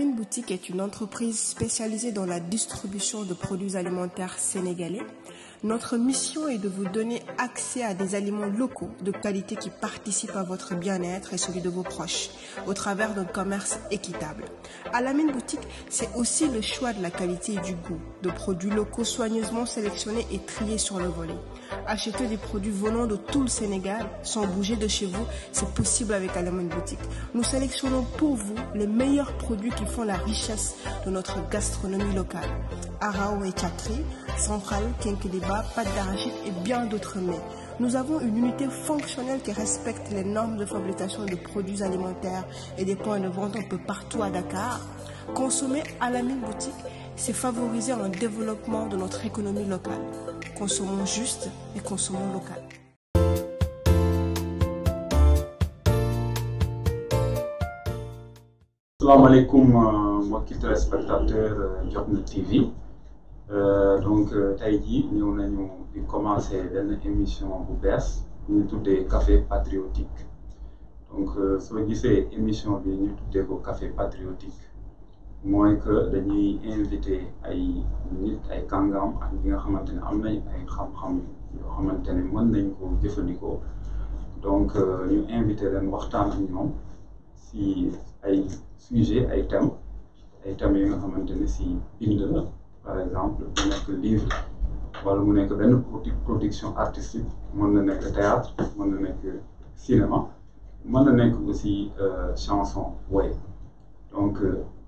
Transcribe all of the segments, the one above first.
Alamine Boutique est une entreprise spécialisée dans la distribution de produits alimentaires sénégalais. Notre mission est de vous donner accès à des aliments locaux de qualité qui participent à votre bien-être et celui de vos proches au travers d'un commerce équitable. À Boutique, c'est aussi le choix de la qualité et du goût de produits locaux soigneusement sélectionnés et triés sur le volet. Acheter des produits venant de tout le Sénégal sans bouger de chez vous, c'est possible avec Alamon Boutique. Nous sélectionnons pour vous les meilleurs produits qui font la richesse de notre gastronomie locale. Arao et Chakri, Central, Kenkeliba, pâte d'arachide et bien d'autres mets. Nous avons une unité fonctionnelle qui respecte les normes de fabrication de produits alimentaires et des points de vente un peu partout à Dakar. Consommez à boutique c'est favoriser le développement de notre économie locale. Consommons juste et consommons local. Assalamu alaikum, euh, moi qui spectateur de euh, Jotna TV euh, donc tey nous avons nañu di commencé benn émission bu bees tous des café patriotique donc soo c'est émission nous sommes tous ko cafés patriotiques mooy que dañuy inviter ay nit ay kangam ak ñi nga xamante ne am nañ ay xam-xam yoo xamante mën nañ ko jëfëndiko donc euh, ñu inviter leen waxtaan ak ñoom si ay sujet ay thèmes ay thèmes yi nga xamante si bind la par exemple mu nekk livre wala mu nekk benn production artistique mën na nekk théâtre mën na nekk cinéma mën na nekk aussi euh, chanson way donc euh,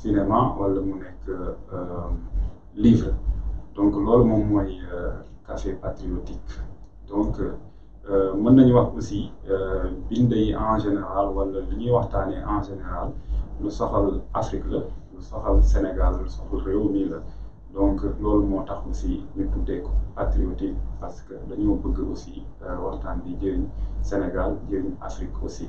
cinéma wala mu nekk euh, livre donc loolu moom mooy euh, café patriotique donc euh, mën nañu wax aussi bind yi en général wala li ñuy waxtaanee en général lu soxal Afrique la lu soxal Sénégal lu soxal réew mi la donc loolu moo tax aussi ñu tuddee ko patriotique parce que dañoo bëgg aussi waxtaan bi jëriñ Sénégal jëriñ Afrique aussi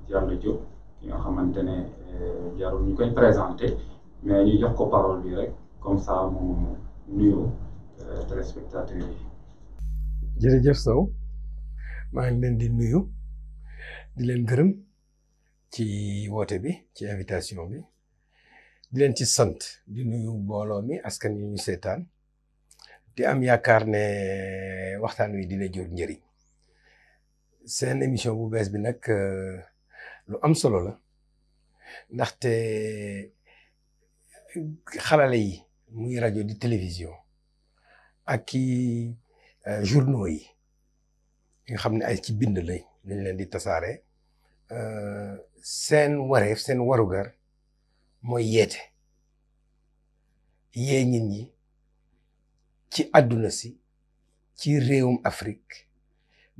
Diallo Diop ki nga xamante ne eh, jarul ñu koy présenter mais ñu jox ko parole bi rek comme ça mu nuyoo eh, spectateurs yi. jërëjëf saw ma ngi leen di nuyu di leen gërëm ci woote bi ci invitation bi di leen ci sante di nuyu mbooloo mi askan wi ñu seetaan di am yaakaar ne waxtaan wi dina jur njëriñ seen émission bu bees bi nag. Euh, lu am solo la ndaxte xarale yi muy rajo di télévision ak i euh, journaux yi nga xam ne ay ci bind lañ lañ leen di tasaare euh, seen wareef seen warugar mooy yeete yee nit ñi ci àdduna si ci réewum Afrique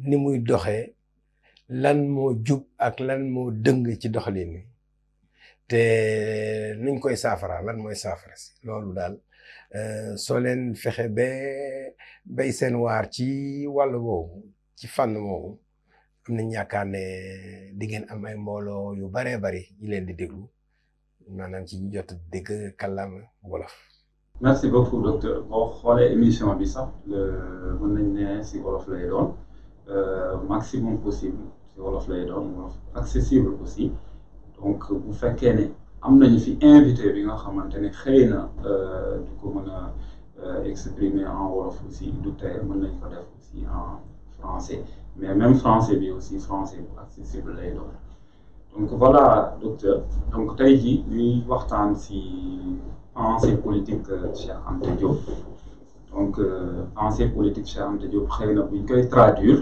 ni muy doxee lan moo jub ak lan moo dëng ci doxalin te nuñ koy saafara lan mooy saafara si loolu daal euh, soo leen fexe ba bay seen waar ci wàll woowu ci fànn woowu am na yaakaar ne di ngeen am ay mbooloo yu baree bari ñu leen di déglu maanaam ci jot a dégg kàllaama wolof. merci beaucoup docteur boo xoolee émission bi sax mën nañ ne si wolof lay doon euh, maximum possible. ci wolof lay doon wolof accessible aussi donc bu fekkee ne am nañu fi invité bi nga xamante ne xëy na euh, du ko mën a euh, exprimer en wolof aussi du tey mën nañ ko def aussi en français mais même français bi aussi français bu accessible lay doon donc voilà docteur donc tey jii ñuy waxtaan si pensée politique euh, Cheikh Anta Diop donc pensée politique Cheikh Anta Diop xëy na buñ koy traduire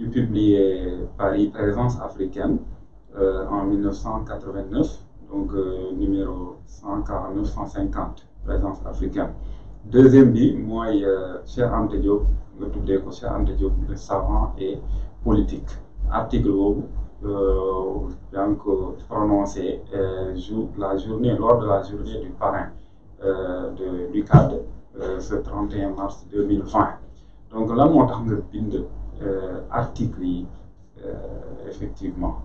il publiait Paris Présence africaine euh, en 1989, donc euh, numéro 149-150, Présence africaine. Deuxième moi, moi c'est Anta Diop le le savant et politique article donc euh, prononcé la journée lors de la journée du parrain de du cadre ce 31 mars 2020 donc là, mon temps de euh, article, yi euh, effectivement.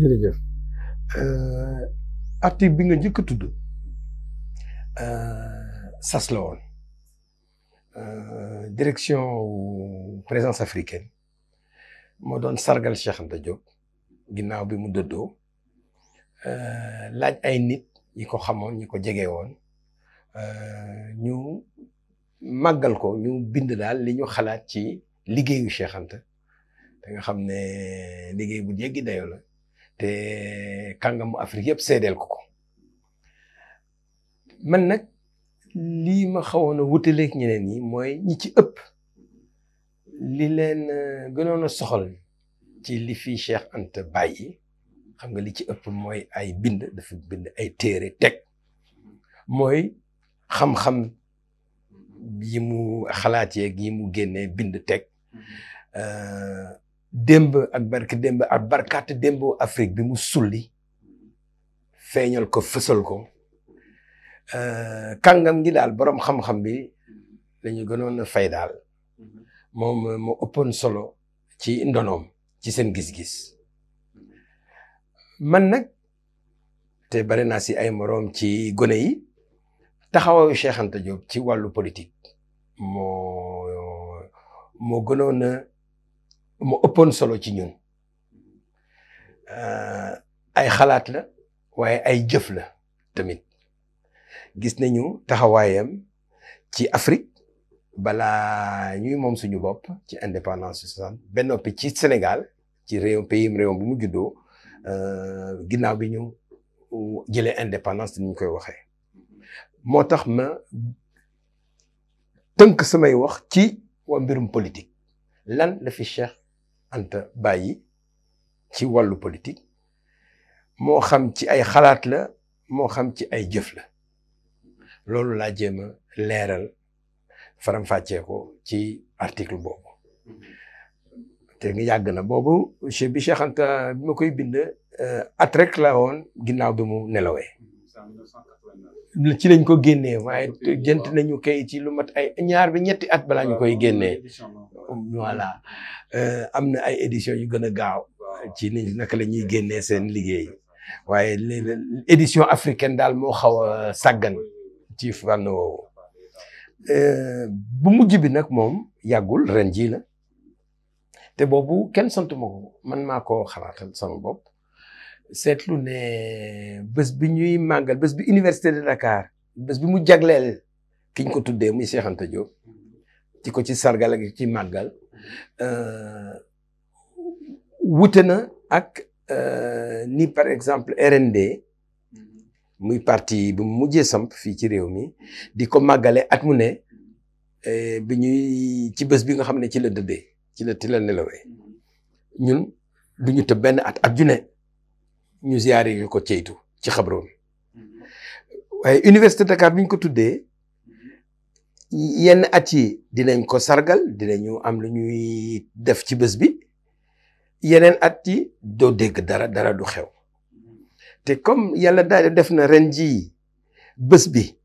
Euh, article bi nga njëkk a tudd euh, sas euh, woon direction présence africaine moo doon sargal Cheikh Anta Diop ginnaaw bi mu euh laaj ay nit ñi ko xamone ñi ko won euh ñu magal ko ñu bind dal li ñu xalaat ci. liggéeyu cheikhanta da nga xam ne liggéey bu jéggi dayo la te kàngamu Afrique yëpp seedeel ko ko man nag lii ma xawoon a wutaleeg ñeneen yi mooy ñi ci ëpp li leen gënoon a soxal ci li fi Cheikh Anta bàyyi xam nga li ci ëpp mooy ay bind dafa bind ay téere teg mooy xam-xam yi mu xalaat yeeg yi mu génnee bind teg Euh, démb ak barke démb ak barkaate démb Afrique bi mu sulli feeñal ko fësal ko euh, kàngam gi daal borom xam-xam bi la ñu gënoon a fay daal moom moo ëppoon solo ci ndonoom ci seen gis-gis man nag te bari naa si ay moroom ci gone yi taxawayu Cheikh ci wàllu politique moo gënoon a moo ëppoon solo ci ñun ay xalaat la waaye ay jëf la tamit gis nañu taxawaayam ci Afrique balaa ñuy moom suñu bopp ci indépendance soixante benn noppi ci Sénégal ci réew pays réew bu mu juddoo ginnaaw bi ñu jëlee indépendance ni ñu koy waxee moo tax ma tënk samay wax wa mbirum politique lan la fi Cheikh Anta bàyyi ci wàllu politik moo xam ci ay xalaat la moo xam ci ay jëf la loolu laa jéem a leeral faram-fàccee ko ci article boobu te nga yàgg na boobu bi Cheikh Anta bi ma koy bind euh, at rek la woon ginnaaw bi mu nelawee ci lañ ko génnee waaye jënt nañu kay ci lu mat ay ñaar bi ñetti at balaa ñu koy génnee voilà euh, am na ay édition yu gën a gaaw ci ni naka la ñuy génnee seen liggéey waaye édition africaine daal moo xaw a sàggan ci fànn woowu euh, bu mujj bi nag moom yàggul ren jii la te boobu kenn santuma ko man maa ko xalaatal sama bopp seetlu ne bés bi ñuy màggal bés bi université de Dakar bés bi mu jagleel kiñ ko tuddee muy Cheikh Anta Diop ci ko ci sargal ak ci màggal euh, wute na ak euh, ni par exemple RND muy partie bu mujjee samp fii ci réew mi di ko màggale at mu ne euh, bi ñuy ci bës bi nga xam ne ci la dëddee ci la ci la nelawee ñun du ñu tëb benn at at ju ñu ziyaare ko ceytu ci xabroom mm-hmm. waaye université Dakar bi ñu ko tuddee mm-hmm. yenn at yi dinañ ko sargal dina dinañu am lu ñuy def ci bés bi yeneen at yi doo dégg dara dara du xew mm-hmm. te comme yàlla daal def na ren jii bés bi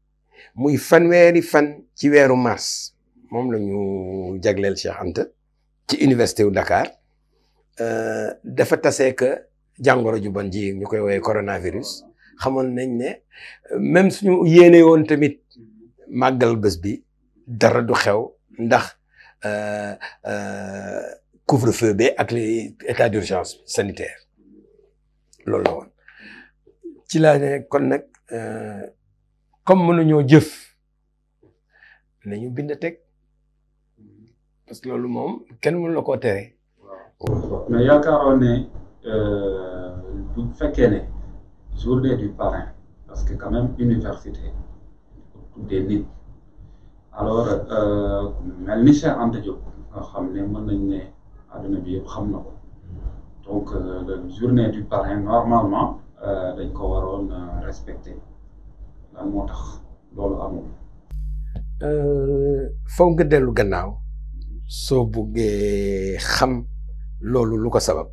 muy fanweeri fan ci weeru mars moom la ñu jagleel Cheikh Anta ci université wu Dakar euh, dafa tasee jàngoro ju bon ji ñu koy woowee coronavirus xamoon nañ ne même suñu yéene woon tamit màggal bés bi dara du xew ndax euh, euh, couvre-feu bi ak l'état d'urgence sanitaire loolu woon ci laa ne kon nag euh, comme mënuñoo jëf nañu bind teg parce que loolu moom kenn mënu la koo tere mais yaakaaroon Fait fekkee journée du parrain parce que quand même université tuddee nit alors euh, mel ni Cheikh Anta Diop nga xam ne nañ ne àdduna bi xam donc euh, le journée du parrain normalement euh, dañ ko waroon respecter. lan moo tax loolu amul faw nga dellu gannaaw soo buggee xam loolu lu ko sabab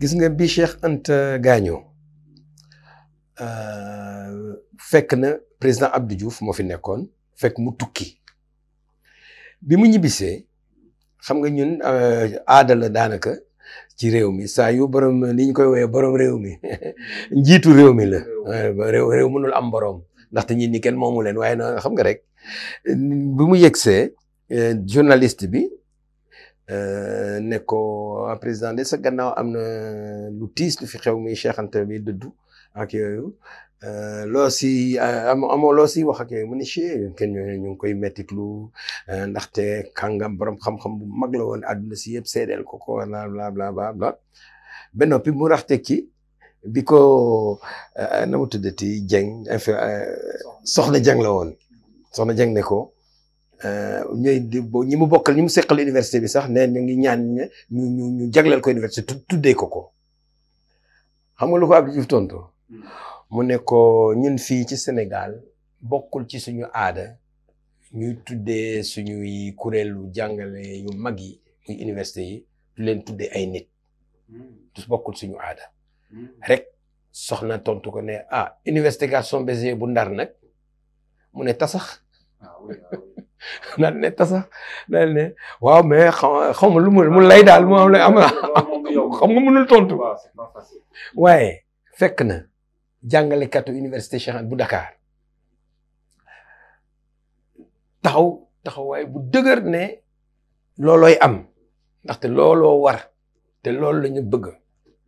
gis nga bi Cheikh ant gaañoo euh, fekk na président Abdou Diouf moo fi nekkoon fekk mu tukki bi mu ñibbisee xam nga ñun euh, aada la daanaka ci réew mi saa yu borom li ñu koy woowee borom réew mi njiitu réew mi la. réew réew mënul am borom ndaxte ñit ñi kenn moomu leen waaye na xam nga rek bi mu yegsee euh, journaliste bi. Euh, ne ko président de sa gannaaw am na lu tiis lu fi xew muy Cheikh Anta bi ak yooyu euh, loo si euh, am wax ak yooyu mu ne si kenn ñooñu ñu ngi koy mettitlu ndaxte kàngam borom xam-xam bu mag la woon àdduna si yëpp seedeel ko ko bla bla bla bla ba noppi mu rax teg ci bi ko na mu tuddati Dieng soxna Dieng la woon soxna Dieng ne ko. Euh, ñooy ñi mu bokkal ñi mu seqal université bi sax ne na ngi ñaan ñu ñu ñu jagleel ko université tuddee ko ko xam nga lu ko Abdou Diouf tontu hmm. mu ne ko ñun fii ci Sénégal bokkul ci suñu aada ñuy tuddee suñuy kuréelu jàngale yu mag yi muy université yi du leen tuddee ay nit hmm. du bokkul suñu aada hmm. rek soxna tontu ko ne ah université Gaston Berger bu Ndar nag mu ne tasax Ah, ah, naan ne tasa naan ne waaw mais xaw ma lu mu lay daal mu lay am na xam nga mënul tontu waaye fekk na jàngalekatu université Cheikh Anta bu Dakar taxaw taxawaay bu dëgër ne loolooy am ndaxte looloo war te loolu la ñu bëgg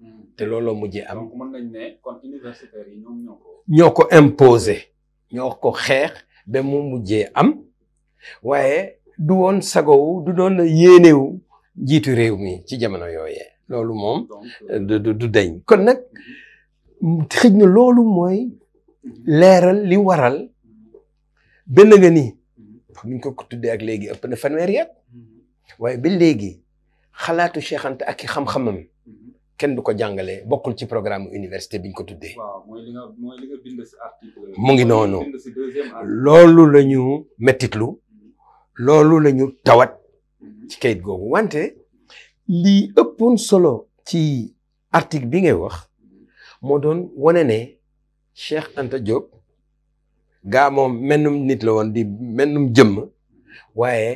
hmm. te looloo mujjee am. mën nañ ne kon ko. ñoo ko imposé. ko xeex. ba mu mujjee am waaye du woon sagowu du doon yéenewu jiitu réew mi ci jamono yooyee loolu moom du du kon nag xëj na loolu mooy leeral li waral benn nga ni ñu ko ko tuddee ak léegi ëpp na fanweeri at waaye ba léegi xalaatu Cheikh Anta ak i xam-xamam kenn du ko jàngale bokkul ci programme université bi ñu ko tuddee. waaw ngi noonu loolu la ñu mettitlu loolu la ñu tawat ci mhm. kayit googu wante lii ëppoon solo ci article bi ngay wax mhm. moo doon wane ne Cheikh Anta Diop gaa moom mennum nit la woon di mennum jëmm waaye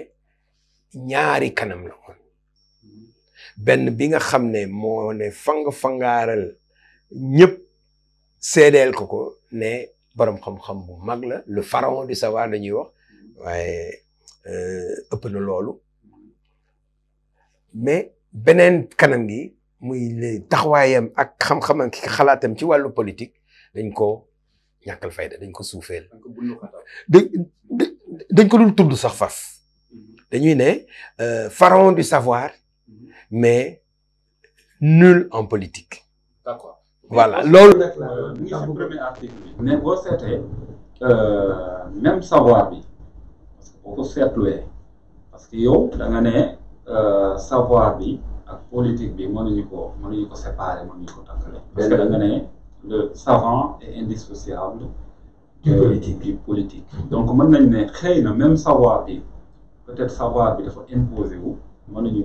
ñaari kanam la. benn bi nga xam ne moo ne fang-fangaaral ñëpp seedeel ko ko ne borom xam-xam bu mag la le pharaon du savoir la ñuy wax waaye euh, ëpp na loolu mais beneen kanam gi muy taxawaayam ak xam-xamam ki xalaatam ci wàllu politique dañ ko ñàkkal fayda dañ ko suufeel dañ ko dul tudd sax faf mm-hmm. dañuy ne euh, pharaon du savoir mais nul en politique. d'accord voilà Le premier article c'était mais euh, euh, même savoir bi parce que boo ko parce que yo, da nga euh, savoir bi ak politique bi mënuñu ko séparer parce que dans nga le savant est indissociable. du politique politique. donc mën nañ ne même savoir bi peut-être savoir il faut imposer wu mënuñu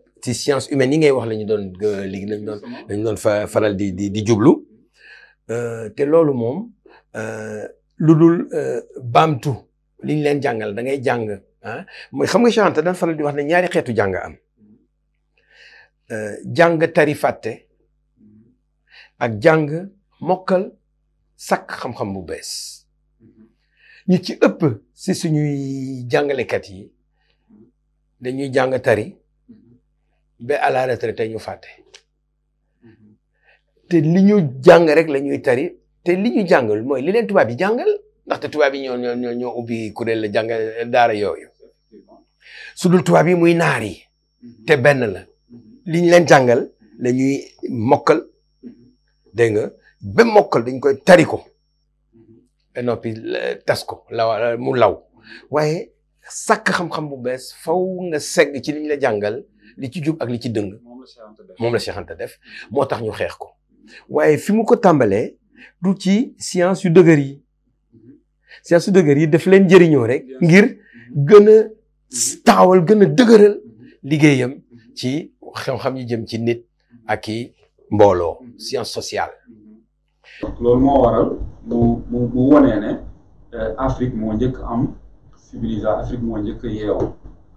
ci science humaine yi ngay wax la ñu doon euh, léegi lañ doon lañ doon fa faral di di di jublu euh, te loolu moom euh, lu dul baamtu liñ leen jàngal da ngay jàng ah mooy xam nga Cheikh Anta daan faral di wax na ñaari xeetu jàng am jàng tari fàtte ak jàng mokkal sak xam-xam bu bees ñi ci ëpp si suñuy jàngalekat yi dañuy jàng tari ba à la ñu fàtte te li ñu jàng rek lañuy ñuy tari te li ñu jàngal mooy li leen tubaab yi jàngal ndaxte tubaab yi ñoo ñoo ubbi kuréel la jàng daara yooyu su dul tubaab yi muy naar yi te benn la li ñu leen jàngal la ñuy mokkal dégg nga ba mokkal dañ koy tari ko ba noppi tas ko mu law waaye sàkk xam-xam bu bees fow nga segg ci li ñu la jàngal li ci jub ak li ci dëng moom la Cheikh def moo tax ñu xeex ko waaye fi mu ko tàmbalee du ci science yu dëgër yi science yu dëgër yi daf leen jëriñoo rek ngir gën a taawal gën a dëgëral liggéeyam ci xam-xam yi jëm ci nit ak i mbooloo science sociale loolu moo waral bu bu wonee ne euh, Afrique moo njëkk am Afrique moo njëkk yeewoo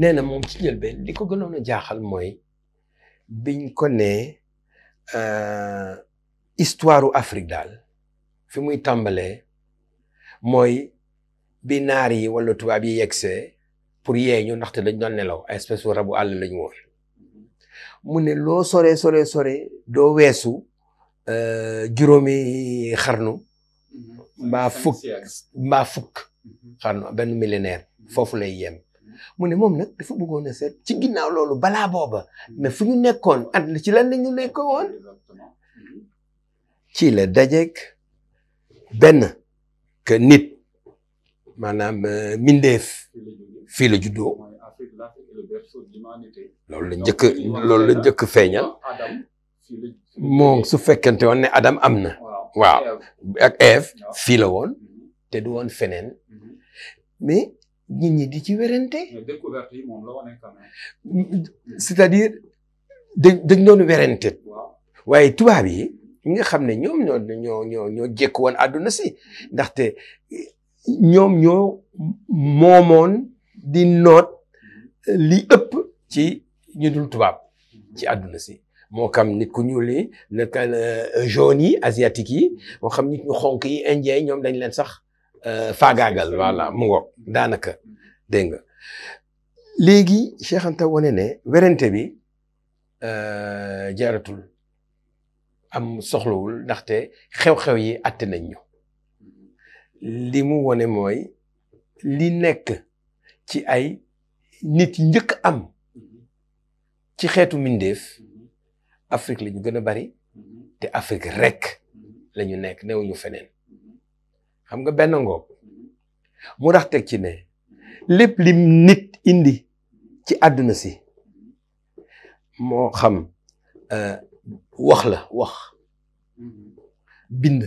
nee na moom ci njëlbeen li ko gënoon a jaaxal mooy biñ ko ne euh, histoire Afrique daal fi muy tàmbalee mooy bi naar yi wala tubaab yi yegsee pour yee ñu ndaxte dañ doon nelaw ay espèce rabu àll lañu woon mu ne loo sore sore sore doo weesu euh, juróomi xarnu mm-hmm. mbaa fukk mbaa mm-hmm. fukk xarnu benn millénaire foofu lay yem mu ne moom nag dafa bëggoon a seet ci ginnaaw loolu balaa booba mais fu ñu nekkoon at ci lan la ñu nekkoon woon ci la dajeeg benn que nit maanaam euh, mindeef fii la juddoo loolu la njëkk loolu la njëkk feeñal moom su fekkente woon ne Adam am na waaw ak Ève fii la woon te du woon feneen mm-hmm. nit ñi di ci wérante. mais découverte yi c'est-à-dire dañ dañ doon wérante. waaye tubaab yi ñi nga xam ne ñoom ñoo ñoo ñoo ñoo jekk àdduna si ndaxte ñoom ñoo moomoon di noot li ëpp ci ñu dul tubaab ci àdduna si moo kam nit ku ñuul yi naka euh, jaune yi asiatique yi moo xam nit ñu xonk yi ñoom dañ leen sax Euh, faagaagal voilà mu ngoog daanaka dégg nga léegi Cheikh Anta wane ne werante bi euh, jaratul am soxlawul ndaxte xew-xew yi atte nañ ñu li mu wane mooy lii nekk ci ay nit njëkk am ci xeetu mindeef Afrique la ñu gën a bari te Afrique rek la ñu nekk newuñu feneen xam nga benn ngoog mu rax teg ci ne lépp lim nit indi ci àdduna si moo xam euh, wax la wax bind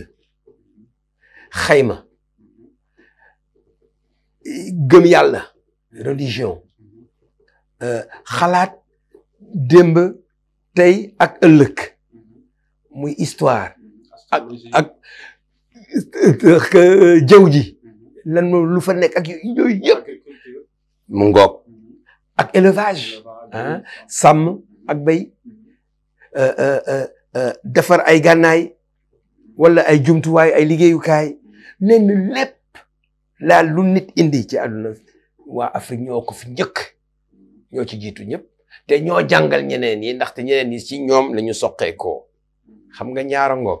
xayma gëm yàlla religion euh, xalaat démb tey ak ëllëg muy histoire ak ak jaww ji lan lu fa nekk ak yooyu yëpp mu ngoog mhm. ak élevage ah sàmm mhm. ak bay mhm. euh, euh, euh, defar ay gànnaay walla ay jumtuwaay ay liggéeyukaay nee na lépp laal lu nit indi ci àdduna waa Afrique ñoo ko fi njëkk ñoo ci jiitu ñëpp te ñoo jàngal ñeneen yi ndaxte ñeneen yi ci ñoom la ñu soqeekoo xam nga ñaara ngoog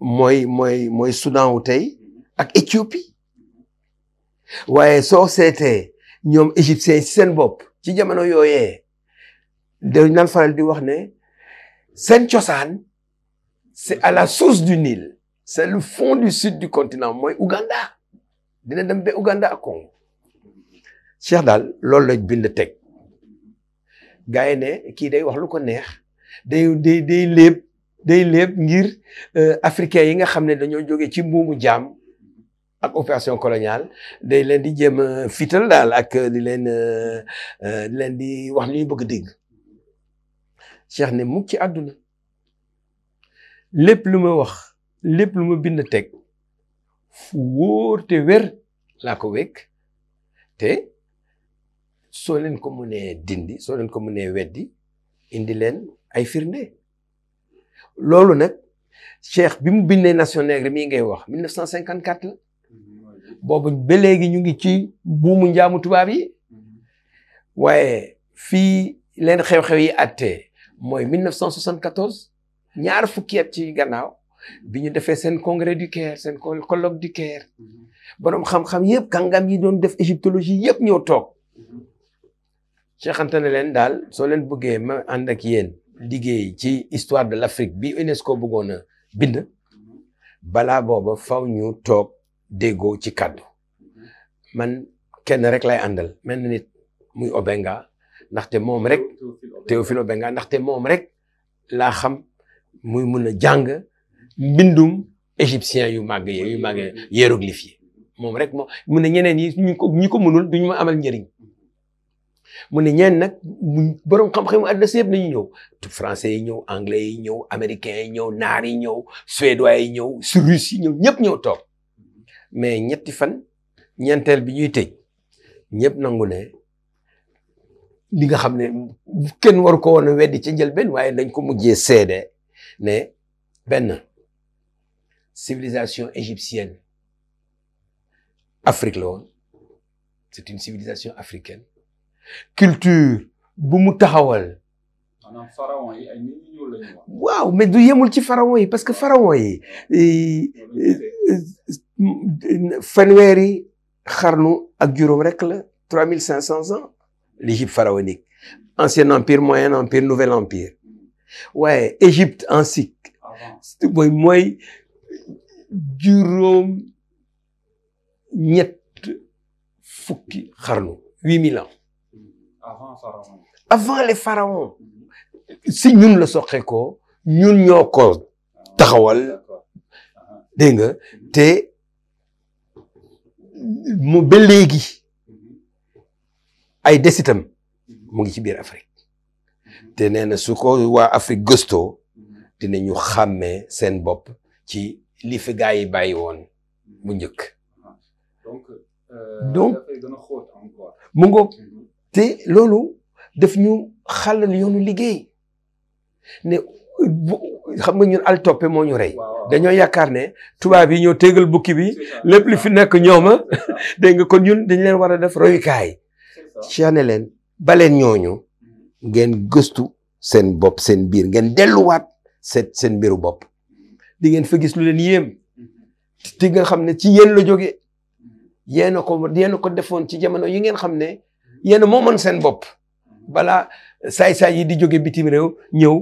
mooy mooy mooy Soudan wu tey ak Éthiopie waaye soo seetee ñoom égyptiens ci seen bopp ci jamono yooyee dañ naan faral di wax ne seen cosaan c'est à la source du Nil c'est le fond du sud du continent mooy Ouganda dina dem ba Ouganda ak Congo daal loolu lañ bind teg gars ne kii day wax lu ko neex day day day day léeb ngir euh, africain yi nga xam ne dañoo jóge ci mbuumu jaam ak opération coloniale day leen di jéem a fital daal ak di leen euh, euh, di leen di wax li ñu bëgg digg dégg Cheikh ne mukk ci àdduna lépp lu ma wax lépp lu ma bind teg fu wóor te wér laa ko wekk te soo leen ko mënee dindi soo leen ko mënee weddi indi leen ay firnde loolu nag Cheikh bi mu bindee Nation Nègre mii ngay wax 1954 la boobu ba léegi ñu ngi ci buumu njaamu tubaab yi waaye fii leen xew-xew yi attee mooy 1974 ñaar fukki at ci gannaaw bi ñu defee seen congrès du Caire seen colloque du Caire borom xam-xam yëpp kàngam yi doon def égyptologie yëpp ñëw toog Cheikh Anta ne leen daal soo leen bëggee ma ànd ak yéen. liggéey ci histoire de l'Afrique bi UNESCO buggoon na bind balaa boobu faw ñu toog déggoo ci kàddu man kenn rek lay àndal mel na nit muy Obenga ndaxte moom rek Théophile Obenga ndaxte moom rek laa xam muy mun a jàng mbindum égyptien yu màgg yu màgg hiéroglyphe yi moom rek moom mun na ñeneen yi ñu ko ñi ko mënul duñu ma amal njëriñ mu ne ñeen nag borom xam-xamu àddina si yëpp nañu ñëw français yi ñëw anglais yi ñëw américains yi ñëw naar yi ñëw suédois yi ñëw russe yi ñëw ñëpp ñëw toog mais ñetti fan ñeenteel bi ñuy tëj ñëpp nangu ne li nga xam ne kenn waru ko woon a weddi ca njëlbeen waaye dañ ko mujjee seede ne benn civilisation égyptienne Afrique la c'est une civilisation africaine culture bu mu taxawal. pharaon yi mais du yemul ci pharaon parce que pharaon yi fanweeri xarnu ak ans l'Égypte pharaonique ancien empire moyen empire nouvel empire Ouais, Égypte antique Ouais, moi, juróom ñett fukki xarnu huit ans avant pharaon. avant les pharaons. Mm-hmm. si ñun la soqeekoo ñun ñoo ko taxawal ah, uh-huh. dégg nga te mu ba léegi ay desitam mu ngi ci biir Afrique mm-hmm. te nee na su ko waa Afrique gëstoo mm-hmm. xàmmee seen bopp ci li fi woon bu njëkk uh-huh. donc euh, mu ngoog te loolu def ñu xàllal yoonu liggéey ne nga ñun al toppe moo ñu rey dañoo yaakaar ne tubaab yi ñoo téegal bukki bi lépp li fi nekk ñooma dégg nga kon ñun dañ leen war a def royukaay ci ne leen baleen ñooñu ngeen gëstu seen bopp seen biir ngeen delluwaat seen seen mbiru bopp di ngeen fa gis lu leen yéem ti nga xam ne ci yéen la jóge mm-hmm. yéen a ko yéen ko defoon ci jamono yi ngeen xam ne yéen a moomoon seen bopp mm-hmm. balaa saay-saay yi di joge bitim réew ñëw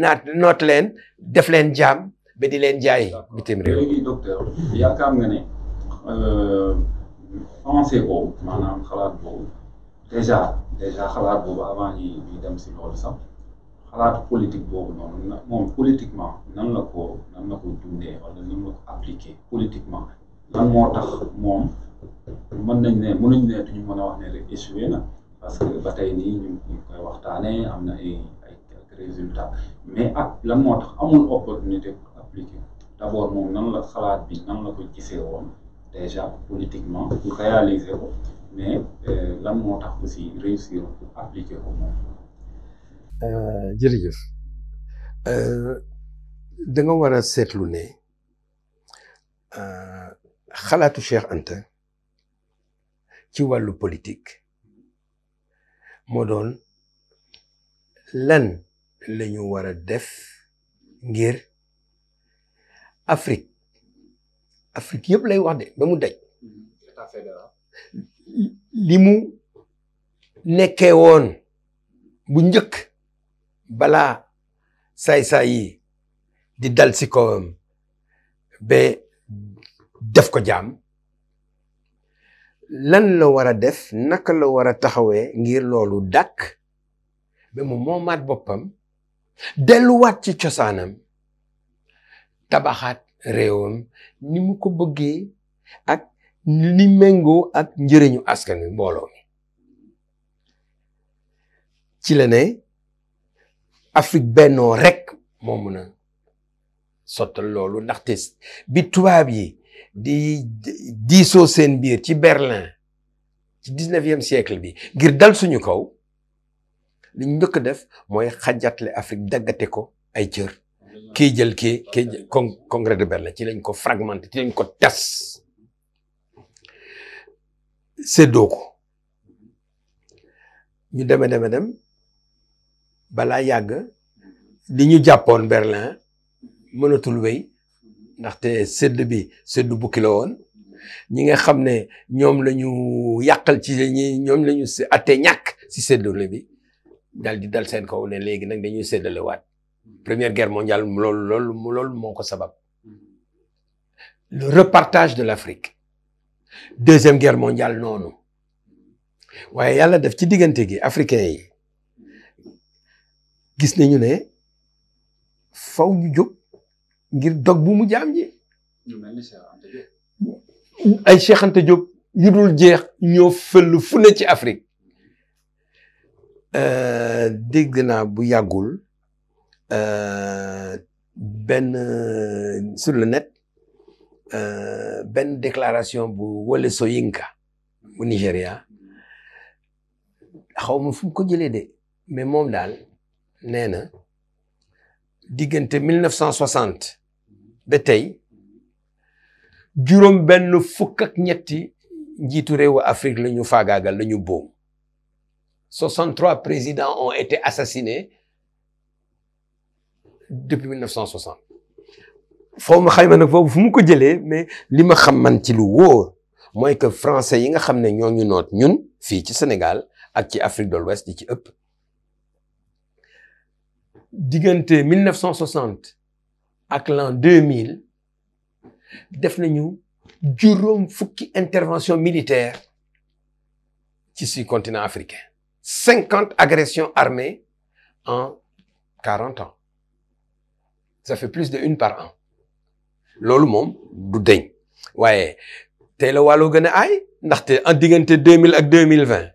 naat noot leen def leen jaam ba di leen jaay bitim réew. léegi docteur yaakaar nga ne pensée euh, boobu maanaam xalaat boobu déjà déjà xalaat boobu avant ñuy dem si loolu sax xalaat politique boobu noonu politiquement nan la ko wala nan la ko politiquement lan moo tax moom. man nañ ne mënuñ ne duñu mën a wax ne rek échoué na parce que ba tey nii ñu ngi koy waxtaanee am na ay ay quelques résultats mais ak lan moo tax amul opportunité pour appliquer d' abord moom nan la xalaat bi nan la ko gisee woon déjà politiquement pour réaliser ko mais euh, lan moo tax aussi réussir pour appliquer ko moom. Euh, jërëjëf euh, da nga war a seetlu ne xalaatu Cheikh Anta. ci wàllu politique moo doon lan la ñu war a def ngir Afrique Afrique yëpp lay wax de ba mu daj li mu nekkee woon bu njëkk balaa saay-saay yi di dal si kawam ba def ko jaam lan la war def naka la wara a taxawee ngir loolu dàkk ba mu moomaat boppam delluwaat ci cosaanam tabaxaat réewam ni mu ak ni méngoo ak njëriñu askan wi mbooloo mi ci la ne Afrique bennoo moo mun a sottal loolu ndaxte bi tubaab yi di diisoo seen biir ci Berlin ci dix-neuvième siècle bi ngir dal suñu kaw li ñu njëkk def mooy xajatle Afrique daggate ko ay cër kii jël kii kii con congrès de Berlin ci lañ ko fragmenté ci lañ ko tas séddoo ko ñu deme deme dem balaa yàgg li ñu jàppoon Berlin mënatul wéy ndaxte sedd bi seddu bukki la woon ñi nga xam ne ñoom la yàqal ci ñi ñoom lañu ñu atte ñàkk si seddule bi dal di dal seen kaw ne léegi nag dañuy seddale waat première guerre mondiale loolu loolu loolu moo ko sabab le repartage de l'Afrique deuxième guerre mondiale noonu waaye yàlla def ci diggante gi africain yi gis nañu ne faw ñu jóg ngir dog bu mu jaam ji. ay Cheikh Anta yu dul jeex ñoo fël fu ne ci Afrique euh, dégg bu yàggul euh, benn sur le net euh, benn déclaration bu Wole Soyinka bu Nigéria xaw ma fu ko jëlee de mais moom daal nee na diggante 1960. ba tey juróom benn fukk ak ñetti njiitu réewu Afrique lañu ñu faagaagal la boom 63 présidents ont été assassinés depuis 1960 foo ma xayma nag foofu fu mu ko jëlee mais li ma xam man ci lu wóor mooy que français yi nga xam ne ñoo ñu noot ñun fii ci Sénégal ak ci Afrique de l'Ouest di ci ëpp diggante 1960 ak l'an 2000 def nañu une fukki intervention militaire ci le continent africain 50 agressions armées en 40 ans ça fait plus de une par an loolu moom du deñ waaye tey la wàllu gën en 2000 et 2020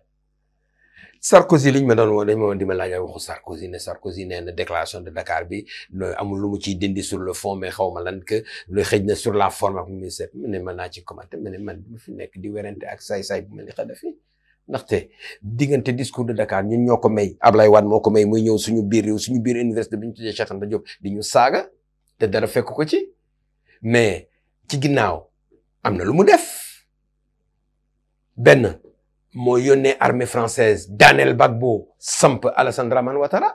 Sarkozy liñ ma doon woo dañ ma woon di ma laajal waxu Sarkozy ne Sarkozy nee na déclaration de Dakar bi amul lu mu ciy dindi sur le fond mais xaw ma lan que lu xëj na sur la forme ak ministère bi ma ne mën naa ci commenter ma ne man ma fi nekk di werante ak say say bu ma ni Kadhafi ndaxte diggante discours de Dakar ñun ñoo ko ab Ablaye Wade moo ko may muy ñëw suñu biir réew suñu biir université bi ñu tuddee Cheikh di ñu saaga te dara fekk ko ci mais ci ginnaaw am na lu mu def Moyenne armée française Daniel Bagbo, samp Alassane Manwattara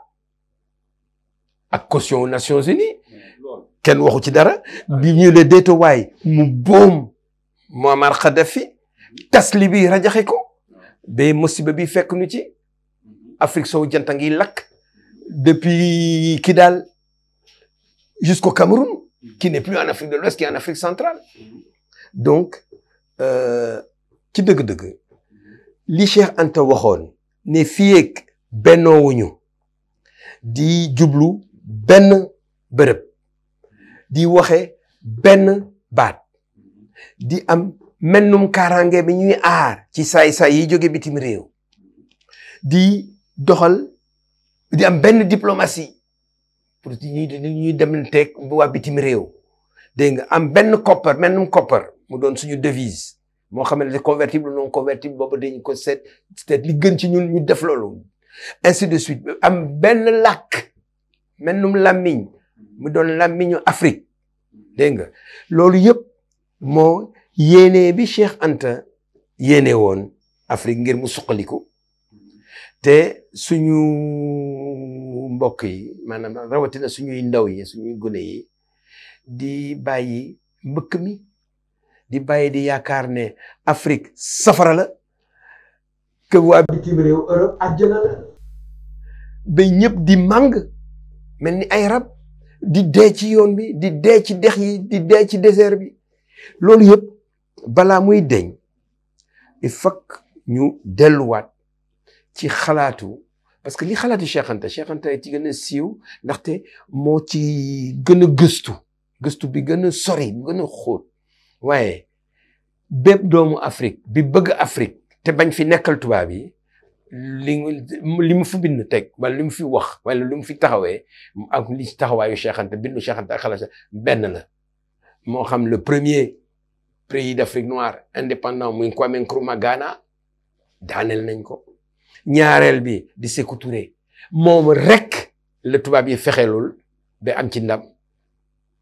à ak caution Nations Unies ken waxu ci dara bi ñu le déeto waay mu boom Muammar Kadhafi taslibi li be bi fekk ci Afrique sow jantangi lak depuis Kidal jusqu'au Cameroun qui n'est plus en Afrique de l'Ouest qui est en Afrique centrale donc euh, ci deug deug li Cheikh Anta waxoon ne fii ak bennoowuñu di jublu benn bërëb di waxe benn baat di am mennum kaaraange bi ñuy aar ci saay-saay yi jóge bitim réew di doxal di am benn diplomatie pour ñuy ñuy dem teeg waa bitim réew dégg nga am benn koppar mennum koppar mu doon suñu devise moo xam ne convertible non convertible boobu dañ ko seet seet li gën ci ñun ñu def loolu ainsi de suite am benn làkk mennum làmmiñ mu doon làmmiñu Afrique dégg nga loolu yëpp moo yéene bi Cheikh Anta yéene woon Afrique ngir mu suqaliku te suñu mbokk yi maanaam rawatina suñuy ndaw yi suñuy gune yi di bàyyi mbëkk mi di bàyyi di yaakaar ne Afrique safara la que ba ñëpp di màng mel ni ay rab di dee ci yoon bi di dee ci dex yi di dee ci désert bi loolu yëpp balaa muy deñ il faut ñu delluwaat ci xalaatu parce que li xalaatu Cheikh Anta Cheikh ci gën a siiw ndaxte moo ci gën a gëstu gëstu bi gën a sori bi gën a xóot waaye bépp doomu Afrique bi bëgg Afrique te bañ fi nekkal tubaab yi li li mu fi bind teg wala li mu fi wax wala lu mu fi taxawee ak li taxawaayu Cheikh Anta bindu Cheikh Anta benn la moo xam le premier pays d'Afrique noire indépendant muy Kwame Nkrumah Ghana daaneel nañ ko ñaareel bi di Sékou Touré moom rek la tubaab yi fexelul ba am ci ndam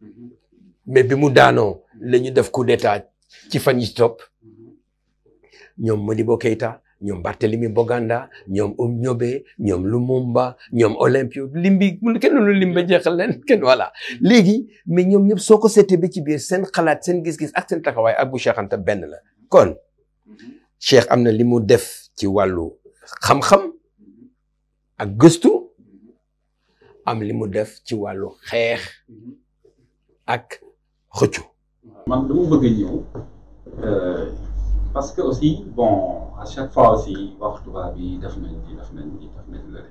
mm-hmm. bi mu daanoo la ñu def ku d'état ci fan yi ci topp ñoom Modibo Keita ñoom Barthélemy Boganda ñoom Um Nyobe ñoom Lumumba ñoom Olympio limbi kenn lu limba jeexal leen kenn voilà léegi mais ñoom ñëpp soo ko seetee ba ci biir seen xalaat seen gis-gis ak seen taxawaay ak bu Cheikh benn la kon Cheikh am na limu def ci wàllu xam ak gëstu am li def ci wàllu xeex ak xëccu man dama bëgg a euh, parce que aussi bon à chaque fois aussi wax tubaab bi def nañ di def nañ di nañ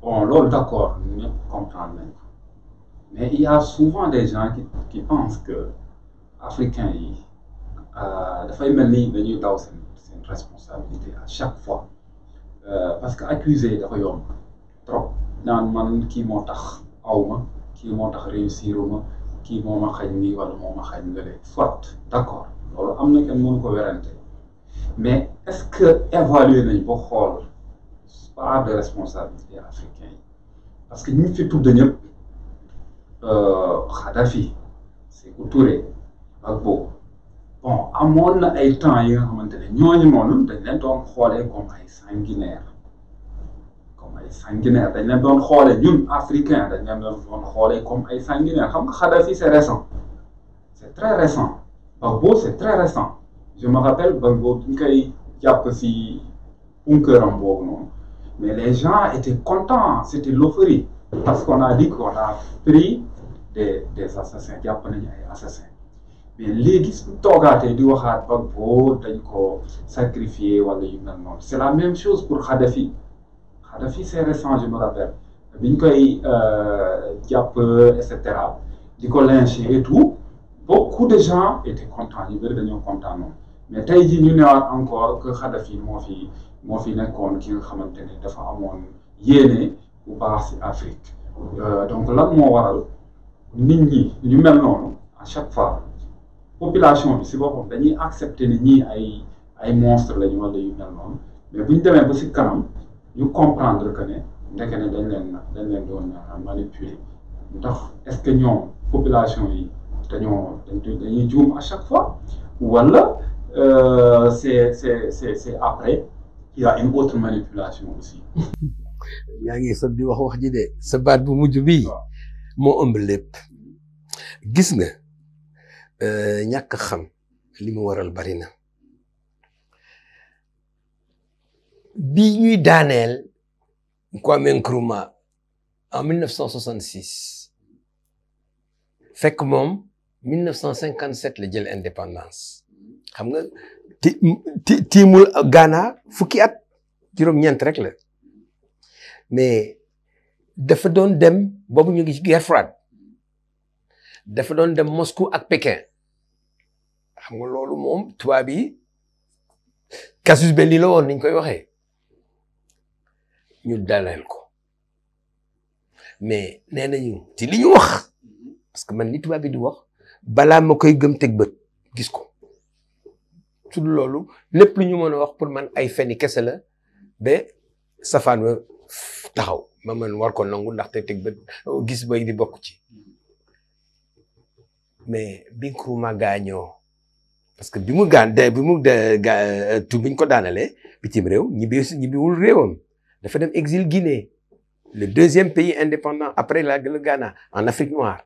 bon loolu d'accord ñëpp comprendre mais il y a souvent des gens qui qui pensent que africains il euh, faut mel ni dañuy daw responsabilité à chaque fois euh, parce que accuser dafa trop nan man ki moo tax awma ki moo tax réussiruma ki moma a xañ nii wala moma a xañ lële soit d'accord loolu amna ken kenn ko wérante mais est-ce que évaluer nañ bo xol pas de responsabilité africain parce que ñu fi de euh ñëpp c'est Sékou ak bo bon amoon na ay temps yi nga xamante ne ñooñu noonu dañ leen doon xolé comme ay sanguinaire ay sanguinaire dañ leen doon xoolee ñun africain dañ leen doon xoolee comme ay sanguinaire xam nga Kadhafi c'est récent c'est très récent Gbagbo c'est très récent je me rappelle il y koy jàpp si cœur en noonu mais les gens étaient contents c'était l'euphorie parce qu'on a dit qu'on a pris des assassins jàpp nañu ay assassins mais les gens toogaatee di waxaat Gbagbo dañ ko sacrifier wala yu mel c'est la même chose pour Khadafi Kadhafi c'est récent je me rappelle bi ñu koy euh, jàpp et cetera lyncher et tout beaucoup de gens étaient contents ñu bëri dañoo content mais tey jii ñu encore que Kadhafi moo fi moo fi nekkoon ki nga xamante ne dafa amoon yéné bu baax en Afrique euh, donc là, mon waral nit ñi ñu mel à chaque fois population bi si boppam dañuy accepter ni ñii ay ay monstre lañu wala yu mel non. mais bu ñu demee ba si kanam. Nous comprendre que nous est-ce que la population yi à chaque fois Ou euh, c'est c'est après il y a une autre manipulation aussi. ya euh, bari bii ñuy daaneel ko Kwame Nkrumah en 1966 fekk moom 1957 la jël indépendance xam nga ti ti tiimul Ghana fukki at juróom-ñeent rek la mais dafa doon dem boobu ñu ngi ci guerre dafa doon dem Moscou ak Pékin xam nga loolu moom tubaab yi casus belli la woon ni ñu koy waxee. ñu dalal ko mais nee nañu ci li ñu wax parce que man nit tubaab bi di wax balaa ma koy gëm teg bët gis ko su loolu lépp lu ñu mën a wax pour man ay feni kese la ba safaan wa taxaw ma man war ko nangu ndaxte teg bët gis bay di bokk ci mais Nkrumah gaañoo parce que bi mu gaan de bi mu de ga euh, tur bi ñu ko daanalee bitim réew ñibbi wul réewam. dafa dem exil Guinée le deuxième pays indépendant après le Ghana en Afrique noire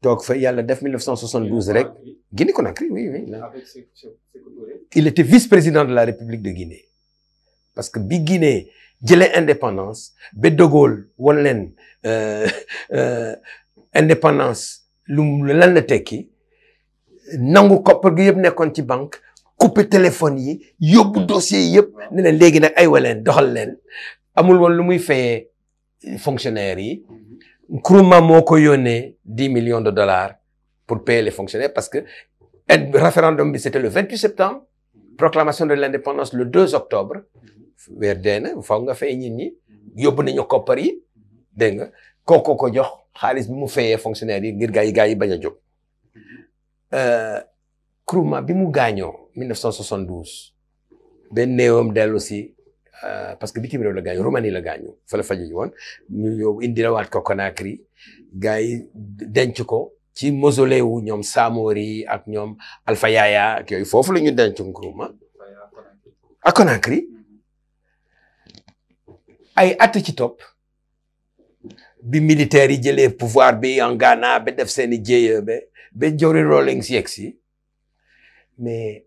Donc, mhm. fa yàlla def 1972 rek Guinée a oui oui. il était vice-président de la République de Guinée parce que bi Guinée l'indépendance. indépendance Bé De Gaulle euh, euh, indépendance l'indépendance. lan la tekki nangu koppar gi banque coupé téléphone yi hmm. dossier yi yëpp ne leen léegi nag ay waleen doxal leen amul woon lu muy fayee fonctionnaire yi hmm. moo ko yónnee dix millions de dollars pour payer les fonctionnaires parce que référendum c'était le 28 septembre hmm. proclamation de l'indépendance le 2 octobre weer dee na faw nga fay nit ñi yóbbu nañu koppar yi dégg nga kooku ko jox xaalis bi mu fayee fonctionnaire yi ngir yi yi bañ a jóg euh, 1972 benn néewam dellusi euh, parce que bi réew la gaañu Roumanie la gaañu fa la faji woon ñu yóbbu indi waat ko Conakry gars yi denc ko ci mosolewu wu ñoom Samori ak ñoom Alpha Yaya ak yooyu foofu la ñu denc Nkrumah ak Conakry ay at ci topp bi militaires yi jëlee pouvoir bi en Ghana def seen i jéeya ba ba Jory Rawlings yegg si mais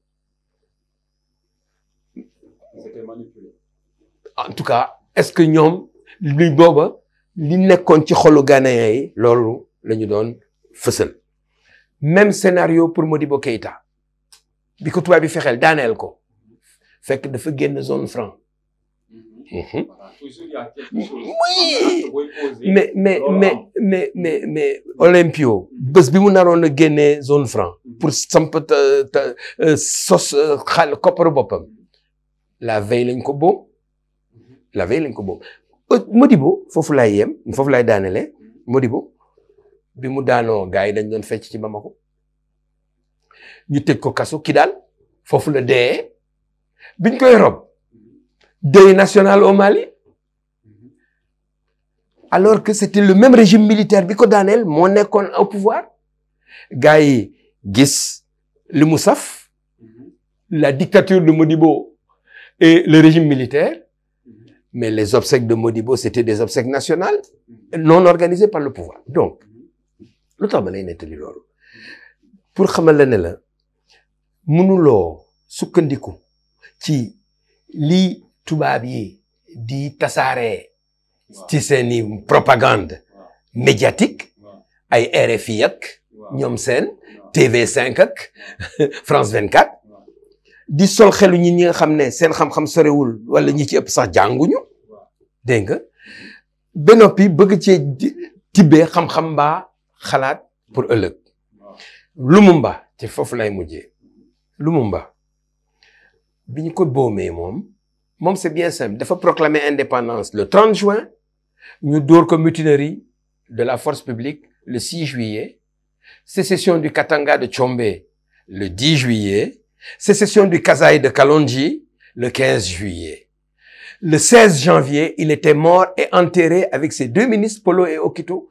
en tout cas est-ce que ñoom li booba li nekkoon ci xolu Ghanéen yi loolu la ñu doon fësal même scénario pour Modibo Keïta bi ko tubaab bi fexeel daaneel ko fekk dafa génn zone franc mhm. mais mais mais mais Olympio bés bi mu naroon a génnee zone franc pour samp euh, euh, sos euh, xaal koppar boppam la veille lañ ko boo la veille lañ ko euh, Modibo foofu laay yem foofu laay Modibo bi mu daanoo gars yi dañ doon fecc ci Bamako ñu tëj ko kaso ki daal foofu la dee national au Mali alors que c'était le même régime militaire bi ko daaneel au pouvoir Gaï, yi gis li mu la dictature de Modibo et le régime militaire mais les obsèques de Modibo, c'était des obsèques nationales, non organisées par le pouvoir. Donc, le temps est lay pour le la ne la mënuloo sukkandiku ci dit tassare, yi di tasaaree ci propagande médiatique ay RFI Nyomsen, TV5 France 24 di sol xelu ñi ñi nga xam ne seen xam-xam sorewul wala ñi ci ëpp sax jànguñu dégg nga ba noppi bëgg cee tibbee xam-xam mbaa xalaat pour ëllëg Lumumba ci foofu lay mujjee Lumumba bi ñu ko boomee moom moom c'est bien simple dafa proclamer indépendance le 30 juin ñu dóor ko mutinerie de la force publique le 6 juillet sécession du Katanga de Tchombe le 10 juillet Sécession du Kazaï de Kalonji le 15 juillet. Le 16 janvier, il était mort et enterré avec ses deux ministres, Polo et Okito,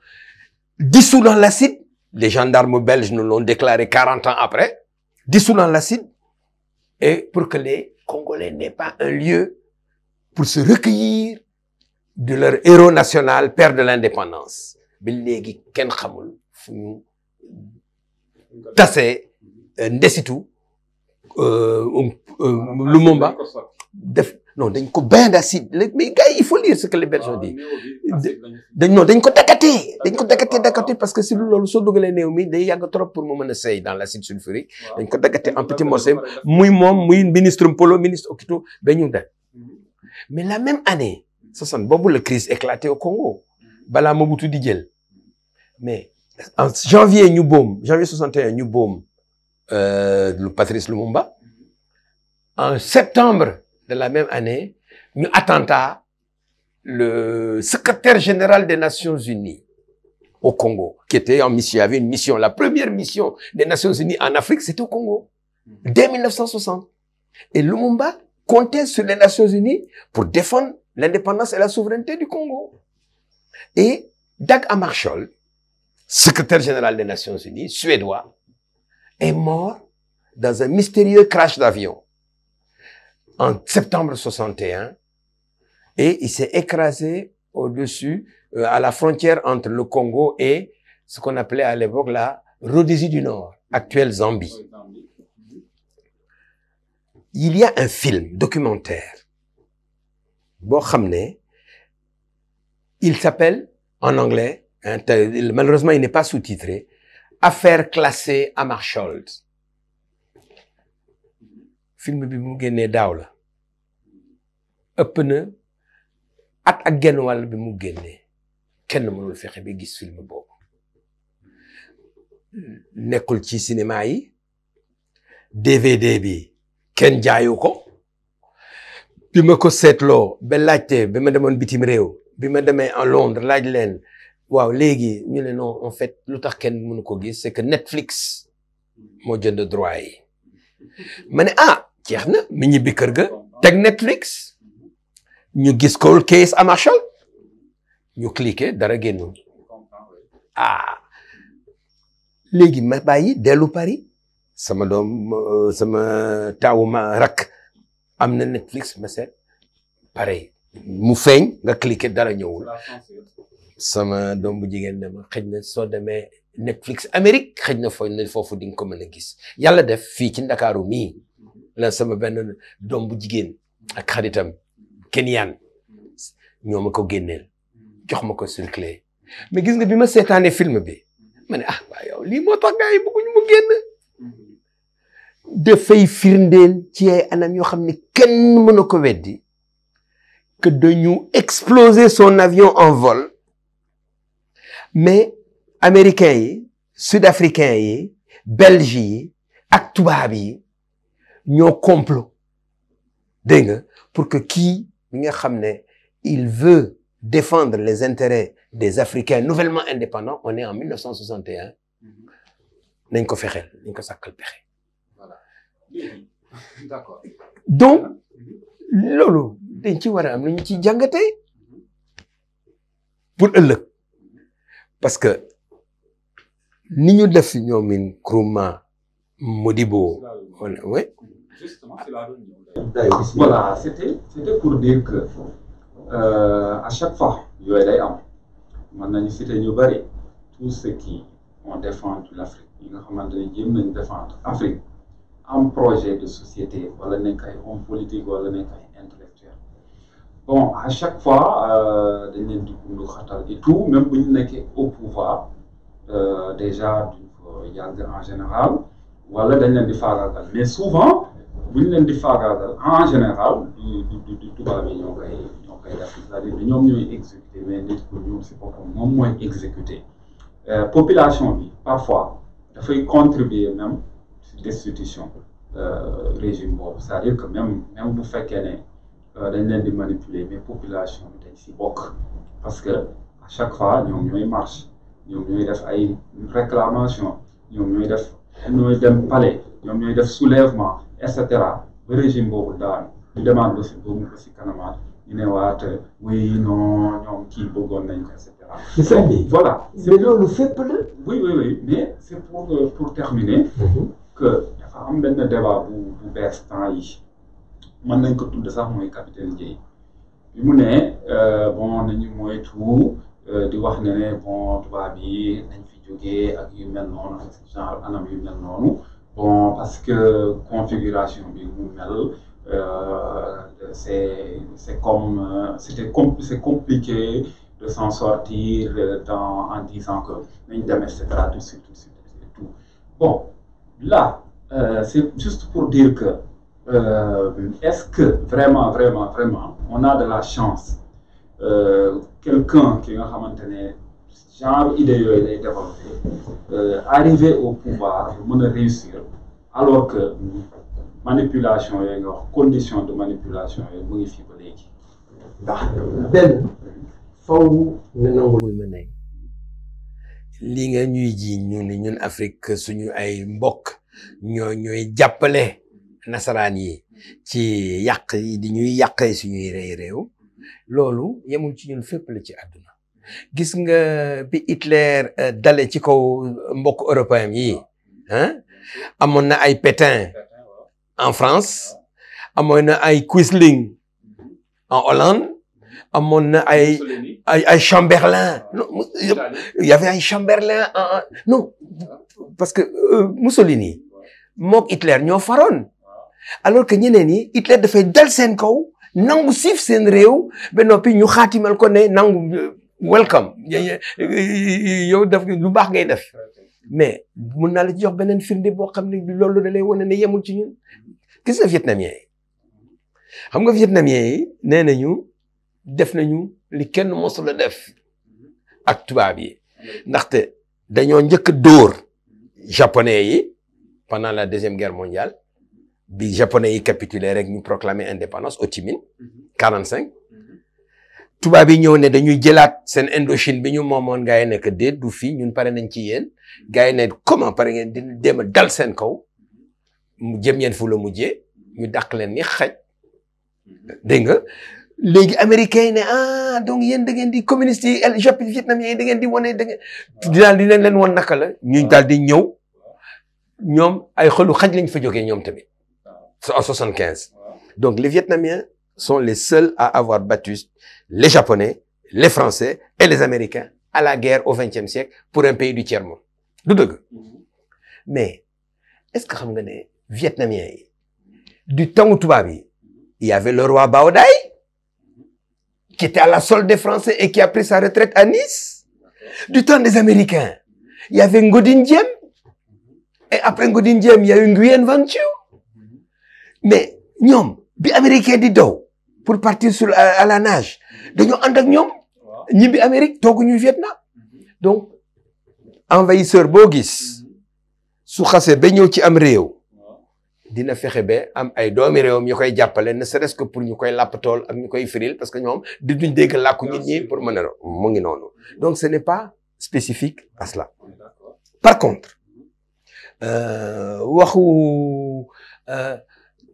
dissous dans l'acide. Les gendarmes belges nous l'ont déclaré 40 ans après. Dissous dans l'acide. Et pour que les Congolais n'aient pas un lieu pour se recueillir de leur héros national, père de l'indépendance. Euh, euh, ah, le Lumumba def non a ko bain d'acide mais gars il faut lire ce que les Belges ah, ont dit ah, non ko parce que si les il mi day trop pour moi de dans l'acide sulfurique ko un petit morceau muy moi, muy ministre Polo ministre Okito da mm-hmm. mais la même année la crise éclaté au Congo di mais en janvier ñu janvier 61 ñu euh, Patrice Lumumba. En septembre de la même année, nous attentat le secrétaire général des Nations Unies au Congo, qui était en mission, avait une mission. La première mission des Nations Unies en Afrique, c'était au Congo, dès 1960. Et Lumumba comptait sur les Nations Unies pour défendre l'indépendance et la souveraineté du Congo. Et Dag Hammarskjöld, secrétaire général des Nations Unies, suédois, est mort dans un mystérieux crash d'avion en septembre 61 et il s'est écrasé au-dessus, euh, à la frontière entre le Congo et ce qu'on appelait à l'époque la Rhodésie du Nord, actuelle Zambie. Il y a un film documentaire, il s'appelle en anglais, hein, malheureusement il n'est pas sous-titré, affaire classée Amar Schold film bi mu génnee daaw la ëpp na at ak bi mu génne kenn mënul fexe bi gis film boobu nekkul ci cinéma yi DVD bi kenn jaayu ko bi ma ko seetloo be laajte bi ma demoon bitim réew bi ma demee en Londres laaj leen Wow, en fait l'autre qu'on c'est que Netflix j'ai de droit Mais ah tiens, Netflix nous gis Cold Case à Marshall cliquer dara ah je ma bàyyi dellu Paris rak am Netflix ma pareil mu feeñ nga cliquer sama doom bu jigéen ne ma na soo demee Netflix Amérique xëj na fooy foofu di ko mën a gis yàlla def fii ci ndakaaru mii la sama benn doom bu jigéen ak xaritam Kenyaan ñoo ma ko génneel jox ma ko circulé mais gis nga bi ma seetaanee film bi ma ne ah waa yow lii moo tax gars yi bëgguñu mu génn dafay firndeel ci ay anam yoo xam ne kenn mën ko weddi que dañu exploser son avion en vol mais américains sud-africains yi belge yi ak tubaab complot pour que qui, il veut défendre les intérêts des Africains nouvellement indépendants on est en 1961 nañ ko fait nañ ko voilà d'accord donc loolu dañ ci a am ci pour parce que ni ñu def min Nkrumah Modibo oui justement c'est la réunion voilà c'était pour dire que euh, à chaque fois yooyu day am mën nañu citer ñu tous ceux qui ont défendu l'Afrique ñi nga xamante ne jéem nañu Afrique projet de société wala nekk ay politique wala ay bon à chaque fois euh, dañ leen di lu et tout même bu ñu au pouvoir euh, déjà duñ ko yàgg en général wala dañ leen di faagaagal mais souvent bu ñu leen di faagaagal en général du du du tubaab yi ñoo koy ñoo koy def c'est-à-dire ñoom ñooy exécuté mais nit ku ñuul si boppam moom mooy exécuté euh, population bi parfois dafay contribuer même si destitution régime boobu c'est-à-dire que même même bu fekkee ne. Euh, de manipuler les populations bi dañ parce que à chaque fois ñoom ñooy marche ñoom ñooy def ay réclamation ñoom ñooy def ñooy dem palais ñoom ñooy def soulèvement etc le ba régime boobu daanu ñu demande ba si mu ko si kanamaat ñu ne waat oui non ñoom kii bëggoon nañ ko c'est ça voilà. mais le fépp la. oui oui oui mais c'est pour euh, pour terminer. Mhm. que dafa am benn débat bu bu bees temps yi man nañ ko tudd sax mooy capitaine Dièye bi mu ne euh, bon nañu moytu euh, di wax ne ne bon tubaab bi nañ fi jógee ak yu mel noonu ak genre anam yu mel noonu bon parce que configuration bi mu mel euh, c'est c'est comme c'était compli c'est compliqué de s'en sortir dans en disant que nañ dem et cetera tout de tout tout bon là euh, c'est juste pour dire que euh, est-ce que vraiment, vraiment, vraiment, on a de la chance euh, quelqu'un qui nga xamante genre idéal yooyu lay euh, arriver au pouvoir mën réussir alors que manipulation yooyu nga wax condition de manipulation yooyu mu ngi fii ba vous ndax faw na li nga ñuy ji ñu ñun Afrique suñu ay mbokk ñoo ñoy jàppale. nasaraan yi ci yàq yi di ñuy yàqee suñuy réy réew loolu yemul ci ñun fépp ci àdduna gis nga bi Hitler euh, dale ci kaw euh, mbokk européen yi ah amoon na ay Pétain en France amoon na ay Quisling en Hollande amoon na ay ay ay y avait ay Chamberlain non parce que euh, Mussolini mook Hitler ñoo faroon alors que ñeneen yi Hitler dafay dal nous kaw nangu siif seen réew ba ñu xaatimal ko ne nangu euh, welcome yow daf lu baax ngay def mais mun naa la ci jox beneen firnde boo xam ne da lay wane ne yemul ci ñun gis vietnamien xam nga vietnamien yi nañu def nañu li kenn mosul a def ak tubaab yi ndaxte dañoo japonais pendant la deuxième guerre mondiale bi japonais yi capitulé rek ñu proclamer indépendance Ho Chi Minh 45 mhm. mhm. tubaab yi ñëw ne dañuy jëlaat seen Indochine bi ñu moomoon gars yi nekk déet du fii ñun pare nañ ci yéen gars yi ne comment pare ngeen di dem a dal seen kaw mu jëm ngeen fu la mujjee ñu dàq leen ni xaj mhm. dégg nga léegi américains yi ne ah donc yéen da di communiste yi japon vietnam yi da ngeen di wane da ngeen daal di leen leen woon naka la ñu ah. daal di ñëw ñoom ay xolu xaj lañ fa jógee ñoom tamit en 75. Donc les Vietnamiens sont les seuls à avoir battu les Japonais, les Français et les Américains à la guerre au XXe siècle pour un pays du tiers-monde. mais est-ce que xam vietnamiens du temps où tu vas, il y avait le roi Bao Dai qui était à la solde des Français et qui a pris sa retraite à Nice du temps des Américains il y avait Ngo Dinh Diem et après Ngo Diem il y a eu Nguyen Van Thieu mais ñom bi américain di daw pour partir sur à la nage dañu and ak ñoom américain Amérique tooguñu Vietnam mhm. donc envahisseur bogis, gis mhm. su xasse ba ñëw ci am réew dina fexé ba am ay doomi réewam ñu koy ne serait-ce que pour ñu lap tol ak ñu firil parce que ñom di duñ dégg làkku ñi ñi pour mën a non mhm. donc ce n'est pas spécifique à cela par contre euh waxu euh,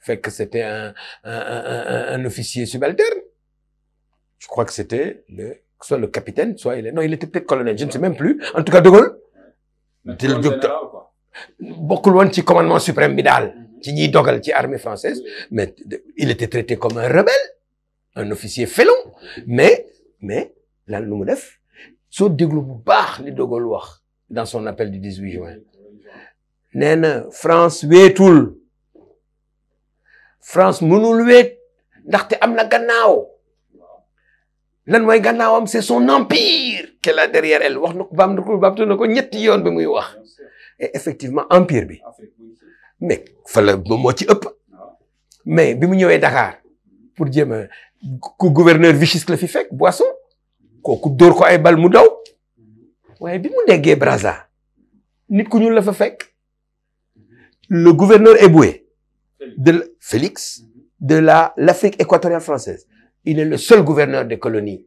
Fait que c'était un, un, un, un, officier subalterne. Je crois que c'était le, soit le capitaine, soit il est, non, il était peut-être colonel, je ne sais même plus. En tout cas, De Gaulle. le docteur. Beaucoup loin du commandement suprême bidal, qui mhm. n'y dogal, qui armée française, mais il était traité comme un rebelle, un officier félon. Mais, mais, là, nous def, déglu bu De dans son appel du 18 juin. Naine France tout !» France mënul wéet ndaxte am na gannaaw lan mooy gannaawam c'est son empire qu'elle a derrière elle wax na ko baam na ko baamtu na ko ñetti yoon bi muy wax et effectivement empire bi mais fa la moom moo ci ëpp mais bi mu ñëwee Dakar pour jéem a ku gouverneur Vichy la fi fekk Boisson kooku dóor ko ay bal mu daw waaye bi mu déggee Brazza nit ku ñu la fa fekk le gouverneur est de Félix, de mm-hmm. l'Afrique équatoriale française. Il est le seul gouverneur des colonies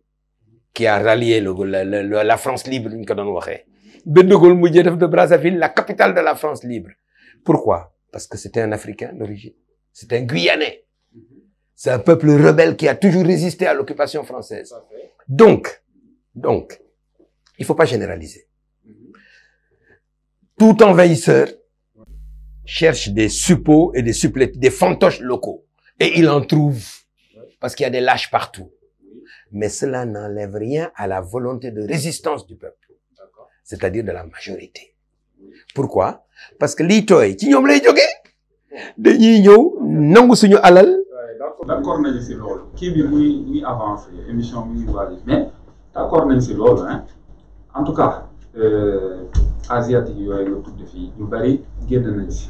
qui a rallié la France libre, Ben de Gaulle de Brazzaville, la capitale de la France libre. Pourquoi Parce que c'était un Africain d'origine. C'est un Guyanais. Mm-hmm. C'est un peuple rebelle qui a toujours résisté à l'occupation française. Donc, donc, il faut pas généraliser. Mm-hmm. Tout envahisseur cherche des suppôts et des supplétifs, des fantoches locaux. Et il en trouve, parce qu'il y a des lâches partout. Mais cela n'enlève rien à la volonté de résistance du peuple, c'est-à-dire de la majorité. Pourquoi Parce que l'itoy, qui ñom lay de dañuy ñew nangu suñu alal d'accord mais ci lool qui bi muy muy avancer émission muy wali mais d'accord mais ci lool hein en tout cas euh asiatique yooyu nga tudd fii ñu bari génn nañ ci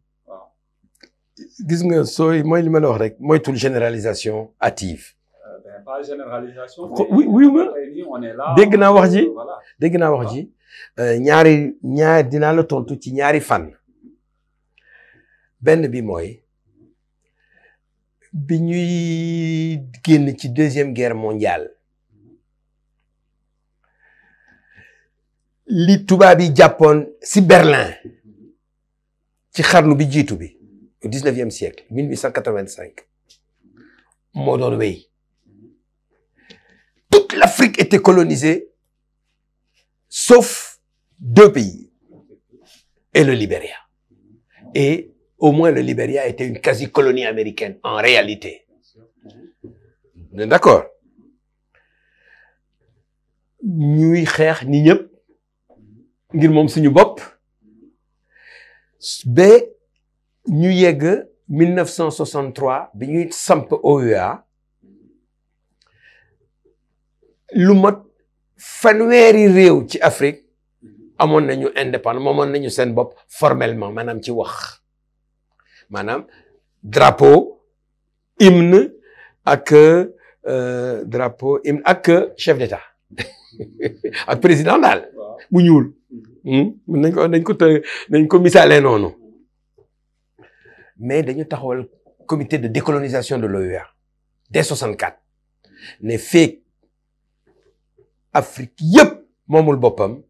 gis nga sooy li wax rek généralisation hâtive. Euh, ben, pas généralisation. oui oui ma dégg naa wax ji wax ji euh, ñaari ñaari la tontu ci ñaari fan. benn bi mooy bi ñuy génn ci deuxième guerre mondiale li tubaab yi jàppoon Berlin au 19e siècle 1885 toute l'Afrique était colonisée sauf deux pays et le Libéria et au moins le Libéria était une quasi-colonie américaine en réalité d'accord ñu yegg 1963 bi ñuy samp OUA lu mat fanweeri réew ci Afrique amoon nañu indépendant moomoon nañu seen bopp formellement maanaam ci wax maanaam drapeau hymne ak euh, drapeau hymne ak chef d'état ak président daal bu ñuul. mën mm-hmm. hmm? nañ ko dañ ko të ko mais dañu taxawal comité de décolonisation de l'OUA dès 64 ne feek Afrique yëpp moomul boppam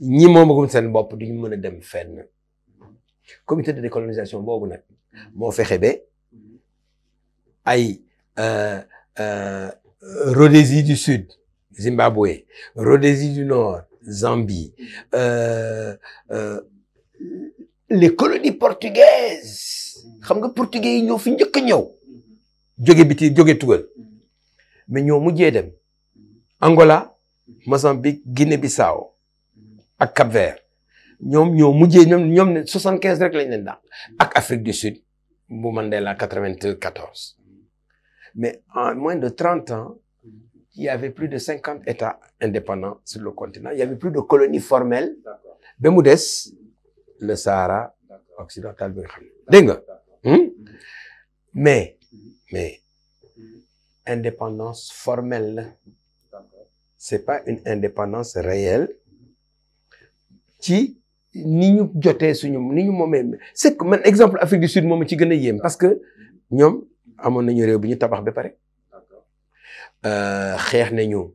ñi moomagum seen bopp duñu mën a dem fenn comité de décolonisation boobu nag moo fexe ba ay euh, euh, Rhodésie du Sud Zimbabwe Rhodésie du Nord Zambie euh, euh les colonies portugaises xam nga portugais yi ñoo fi ñëk ñëw jóge biti tugal mais ñoo mujjee dem Angola Mozambique Guinée Bissau et Cap Vert Ils ñoo mujjee ñoom 75 rek lañ leen Afrique du Sud bu Mandela 94 mais en moins de 30 ans il y avait plus de 50 États indépendants sur le continent il y avait plus de colonies formelles le Sahara occidental bi nga hmm? Hmm. mais hmm. mais indépendance formelle c'est pas une indépendance réelle ci ni ñu jotee suñu ni ñu moomee c'est que un exemple Afrique du Sud moi, ci gën a parce que ñoom amoon nañu réew bi ñu tabax ba pare euh, xeex nañu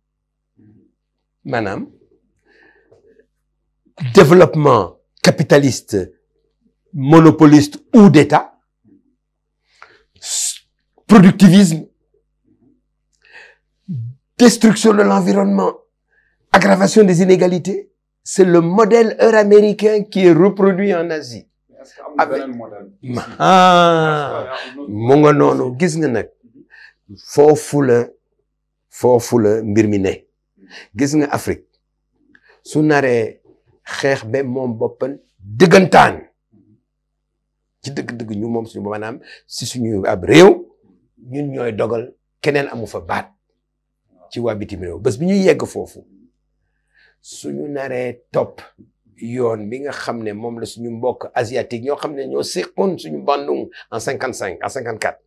Madame, développement capitaliste monopoliste ou d'État productivisme destruction de l'environnement aggravation des inégalités c'est le modèle euro-américain qui est reproduit en Asie avec le modèle gis nga Afrique su naree xeex be moom boppam dëggantaan ci dëgg-dëgg ñu moom suñu maanaam si suñu ab réew ñun ñooy dogal keneen amu fa baat ci waa bitim réew bés bi ñuy yegg foofu suñu naree top yoon bi nga xam ne moom la suñu mbokk asiatique ñoo xam ne ñoo seqoon suñu bandung en cinquante cinq en cinquante quatre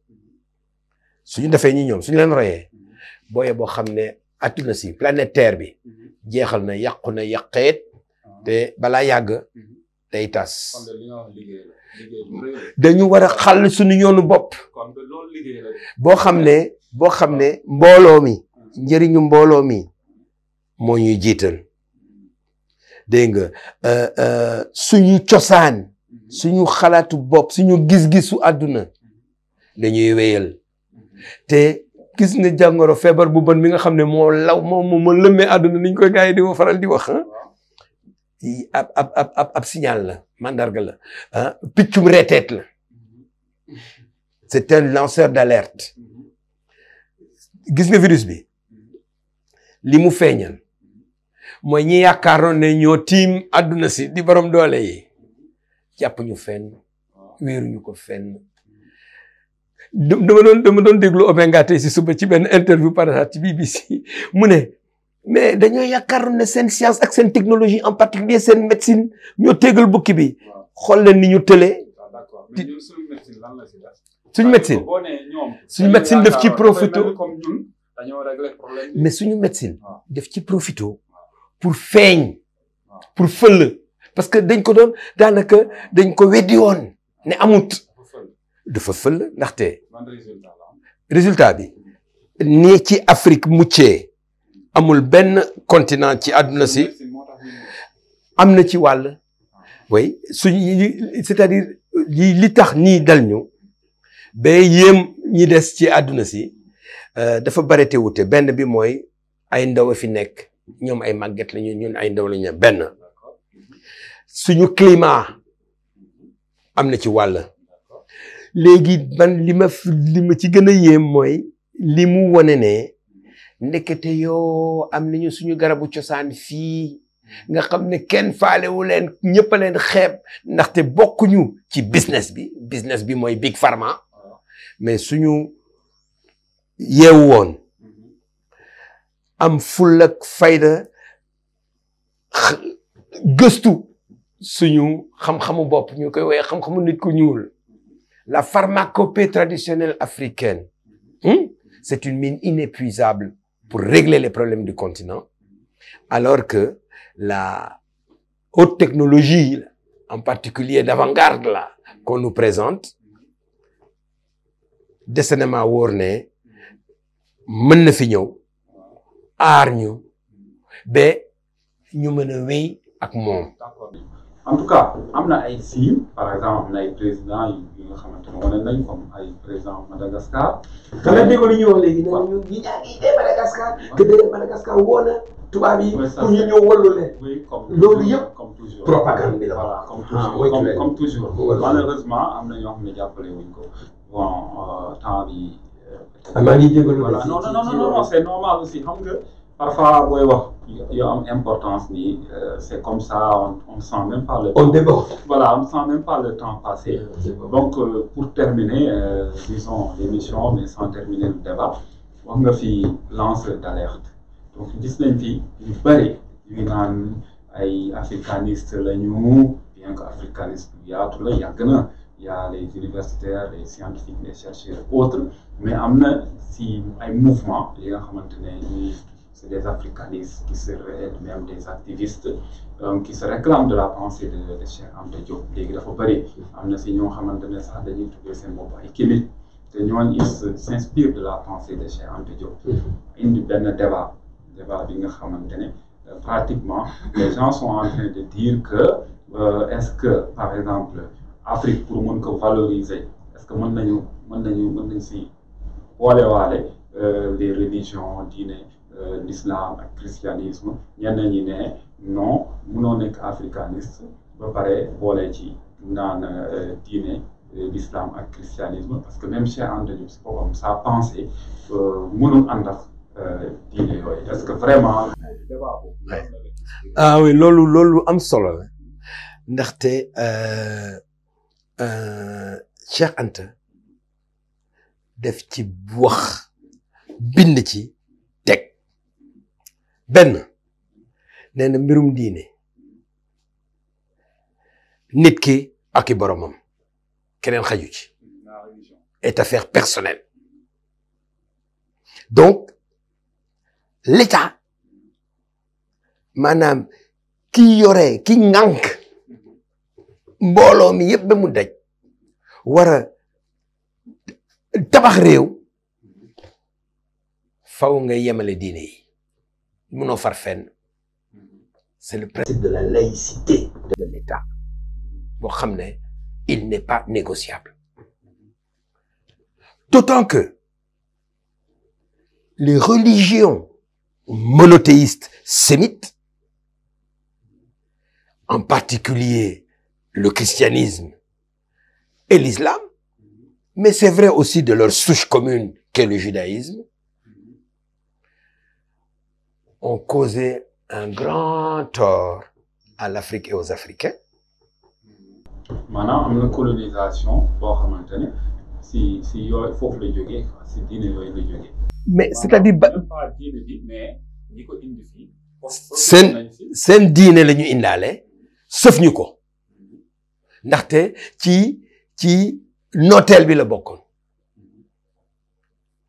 suñu defee ñi ñoom suñu leen royee booyee boo xam ne àdduna si planète terre bi mhm. jeexal na yàqu na yàqeet ah. te balaa yàgg mhm. day tas dañu war a xàll suñu yoonu bopp boo xam ne boo xam ne mbooloo mi njëriñu mbooloo mi moo ñuy jiital dégg nga euh, euh, suñu cosaan mhm. suñu xalaatu bopp suñu gis-gisu àdduna dañuy wéyal te gis ne jàngoro feebar bu bon mi nga xam ne moo law moo moo ma lëmmee àdduna ni ñu koy gars yi di ma faral di wax ah. ab ab la mandarga la ah piccum reteet la c'est un lanceur d'alerte gis nga virus bi li mu feeñal mooy ñi yaakaaroon ne ñoo tiim àdduna si di borom doole yi jàpp ñu fenn wéeruñu ko fen dama doon dama doon déglu Obenga tey si suba ci benn interview par hasard ci bi mu ne mais dañoo yaakaaroon ne seen science ak seen technologie en particulier seen médecine ñoo téegal bukki bi xool leen ni ñu tëlee suñu médecine suñu médecine daf ci profito mais suñu médecine ah. daf ci profito pour feeñ ah. pour fël parce que dañ ko doon daanaka dañ ko weddi woon ne amut dafa fël ndaxte résultat bi nii ci Afrique muccee amul benn continant ci àdduna si am na ci wàll way suñu c'est-à-dire li tax nii dal ñu ba yéem ñi des ci àdduna si euh, dafa bare te wute benn bi mooy ay ndaw a fi nekk ñoom ay màgget lañu ñun ay ndaw lañu benn suñu climat am na ci wàll léegi ban li ma li ci gën a yéem mooy li mu wane ne ndekete yoo am nañu suñu garabu cosaan fii nga xam ne kenn faalewu leen ñëpp leen xeeb ndaxte bokkuñu ci business bi business bi mooy big pharma mais suñu yeewu woon am ful fayda gëstu suñu xam-xamu bopp ñu koy woye xam-xamu nit ñuul la pharmacopée traditionnelle africaine, hmm, c'est une mine inépuisable pour régler les problèmes du continent, alors que la haute technologie, en particulier d'avant-garde là, qu'on nous présente, en tout cas y a signes par exemple am ay présidents président Madagascar. qui Madagascar. Madagascar comme toujours propagande ah, comme toujours malheureusement il y a non non non non c'est normal aussi parfois il y a une importance mais euh, c'est comme ça on, ne sent même pas le temps. voilà on sent même pas le temps passer. donc euh, pour terminer euh, disons l'émission mais sans terminer le débat on me fait lancer d'alerte donc Disney dit, il paraît il y a ay africanistes lañu bien que y a tout africanistes, il y a les universitaires les scientifiques les chercheurs autres mais il y si un mouvement il nga a un mouvement, c'est des africanistes qui seraient même des activistes euh, qui se réclament de la pensée de de Cheikh Diop ils s'inspirent de la pensée de Cheikh Diop mm-hmm. débat débat euh, pratiquement les gens sont en train de dire que euh, est-ce que par exemple Afrique pour mën ko valoriser est-ce que les religions euh, l'islam et christianisme ñen ñi né non munoo nek africaniste ba pare bolé ci naan euh, diine euh, l'islam ak christianisme parce que même chez Anta Diop si ça sa pensée mënul ànd ak diine yooyu est-ce que vraiment. ah oui loolu loolu am solo euh euh Cheikh Anta def ci wax bind ci. Ben, une mbirum nit ki ak boromam xaju est affaire personnelle donc l'État madame, ki yore ki ŋànk mbooloo mi yëpp ba war nga Monofarfen, c'est le principe de la laïcité de l'État il n'est pas négociable d'autant que les religions monothéistes sémites en particulier le christianisme et l'islam mais c'est vrai aussi de leur souche commune qu'est le judaïsme ont causé un grand tort à l'Afrique et aux Africains. maanaam am na colonisation boo xamante ne si si yooyu foofu la jógee si diine yooyu la jógee. mais c'est-à-dire ba seen seen diine la ñu indaale sëf ñu ko ndaxte ci ci nooteel bi la bokkoon.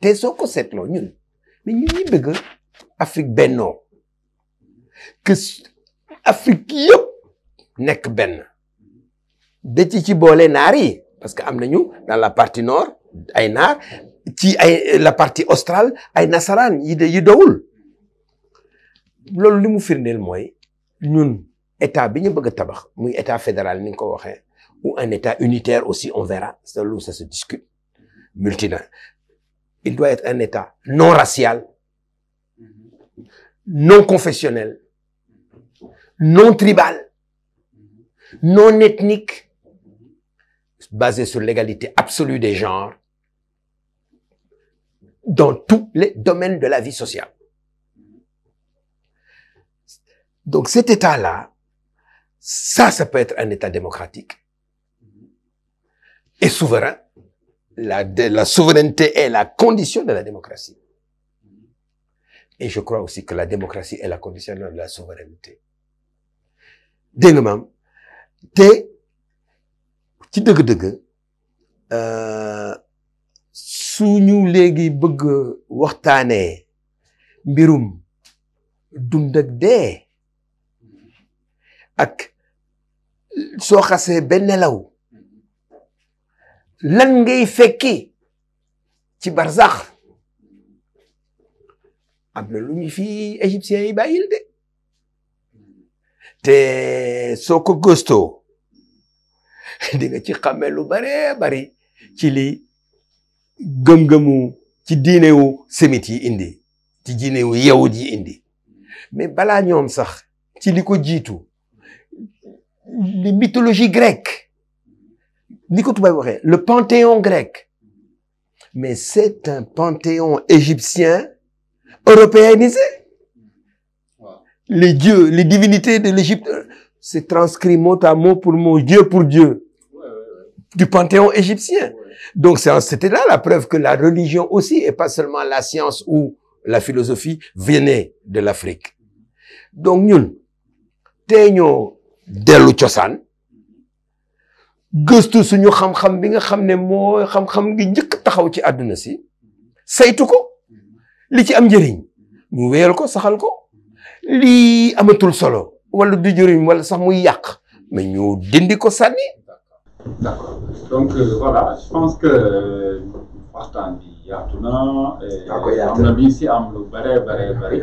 te soo ko ñun mais ñun ñi bëgg Afrique benno que Afrique ben yëpp nekk benn da ci ci boole naar yi parce que am nañu dans la partie nord ay naar ci ay la partie austral ay nasaraan yi de yi dowul loolu li mu firndeel mooy ñun état bi ñu bëgg a tabax muy état fédéral ni nga ko waxee ou un état unitaire aussi on verra ça ça se discute multina il doit être un État non racial, non confessionnel, non tribal, non ethnique, basé sur l'égalité absolue des genres dans tous les domaines de la vie sociale. Donc cet État-là, ça, ça peut être un État démocratique et souverain, la, la souveraineté est la condition de la démocratie. Mm-hmm. Et je crois aussi que la démocratie est la condition de la souveraineté. de nga maam te ci euh, dëgg suñu légui bëgg waxtané mbirum dund ak ak so xassé ben law lan ngay fekki ci barsax am na lu fi égyptiens yi bàyyil de te soo ko gëstoo di ci xamme lu baree bari ci li gëm-gëmu ci diinewu semit yi indi ci diinewu yawut yi indi mais balaa ñoom sax ci li ko jiitu li mythologie grecque le panthéon grec mais c'est un panthéon égyptien européanisé les dieux les divinités de l'Égypte c'est transcrit mot à mot pour mot dieu pour dieu du panthéon égyptien donc c'était là la preuve que la religion aussi et pas seulement la science ou la philosophie venait de l'Afrique donc gëstu suñu xam-xam bi nga xam ne mooy xam-xam ngi njëkk taxaw ci àdduna si saytu ko li ci am njëriñ ñu wéyal ko saxal ko lii amatul solo wala du jëriñ wala sax mu yàq mais ñu dindi ko sànni. d'accord euh, voilà je pense que euh, yaatu na. Eh, yaa ko yaatu na am na ñu am bare bare bari.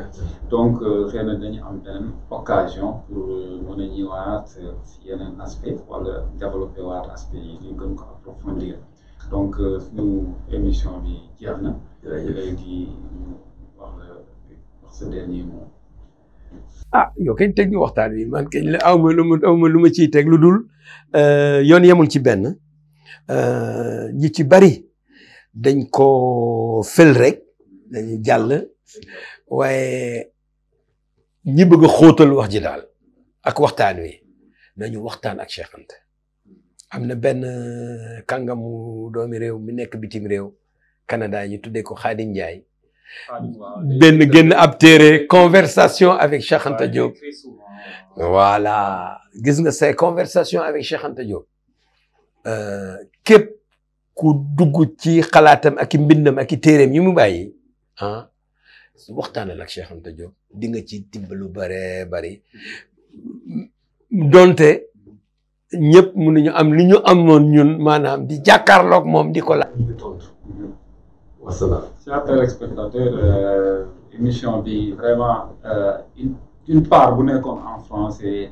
donc euh, xëy dañu am beneen occasion pour euh, mën a ñëwaat euh, si yeneen aspect wala développer aspect yi ñu gën approfondir donc suñu émission bi jeex na. léegi ñu wax la wax ah yow kañ teg ñu waxtaan wi man kañ la lu ma aw lu ma ciy teg lu dul yoon yemul ci benn ñi ci bari. dañ ko fël rek dañu jàll waaye ñi bëgg a xóotal wax ji daal ak waxtaan wi nañu waxtaan ak Cheikh am na benn euh, kàngamu doomi réew mi nekk bitim réew Canada ñu tuddee ko Khadim Ndiaye benn genn ab téere conversation avec Cheikh Anta Diop gis nga se conversation avec Cheikh Anta Diop euh, ku dugg ci xalaatam ak i mbindam ak i téereem yi mu bàyyi ah waxtaanal ak Cheikh Anta di nga ci dimbalu bare bari donte ñëpp mënuñu am li ñu amoon ñun maanaam di jàkkaarloog moom di ko laaj. Euh, bi vraiment euh, une part bu nekkoon en français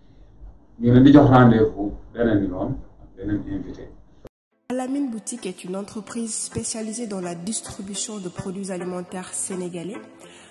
Alamine Boutique est une entreprise spécialisée dans la distribution de produits alimentaires sénégalais.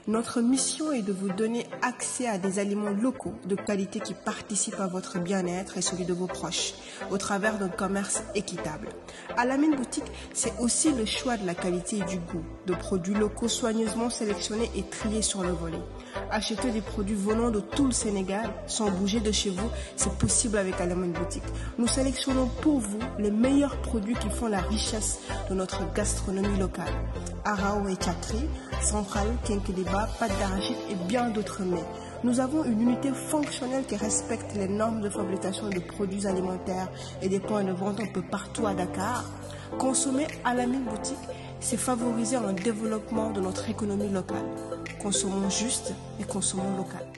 Notre mission est de vous donner accès à des aliments locaux de qualité qui participent à votre bien-être et celui de vos proches au travers d'un commerce équitable. Alamine Boutique, c'est aussi le choix de la qualité et du goût de produits locaux soigneusement sélectionnés et triés sur le volet. Acheter des produits venant de tout le Sénégal sans bouger de chez vous, c'est possible avec Alamon Boutique. Nous sélectionnons pour vous les meilleurs produits qui font la richesse de notre gastronomie locale. Arao et Chakri, Central, Kinkeliba, pâte d'arachide et bien d'autres mets. Nous avons une unité fonctionnelle qui respecte les normes de fabrication de produits alimentaires et des points de vente un peu partout à Dakar. Consommez Alamine Boutique c'est favoriser le développement de notre économie locale. Consommons juste et consommons local.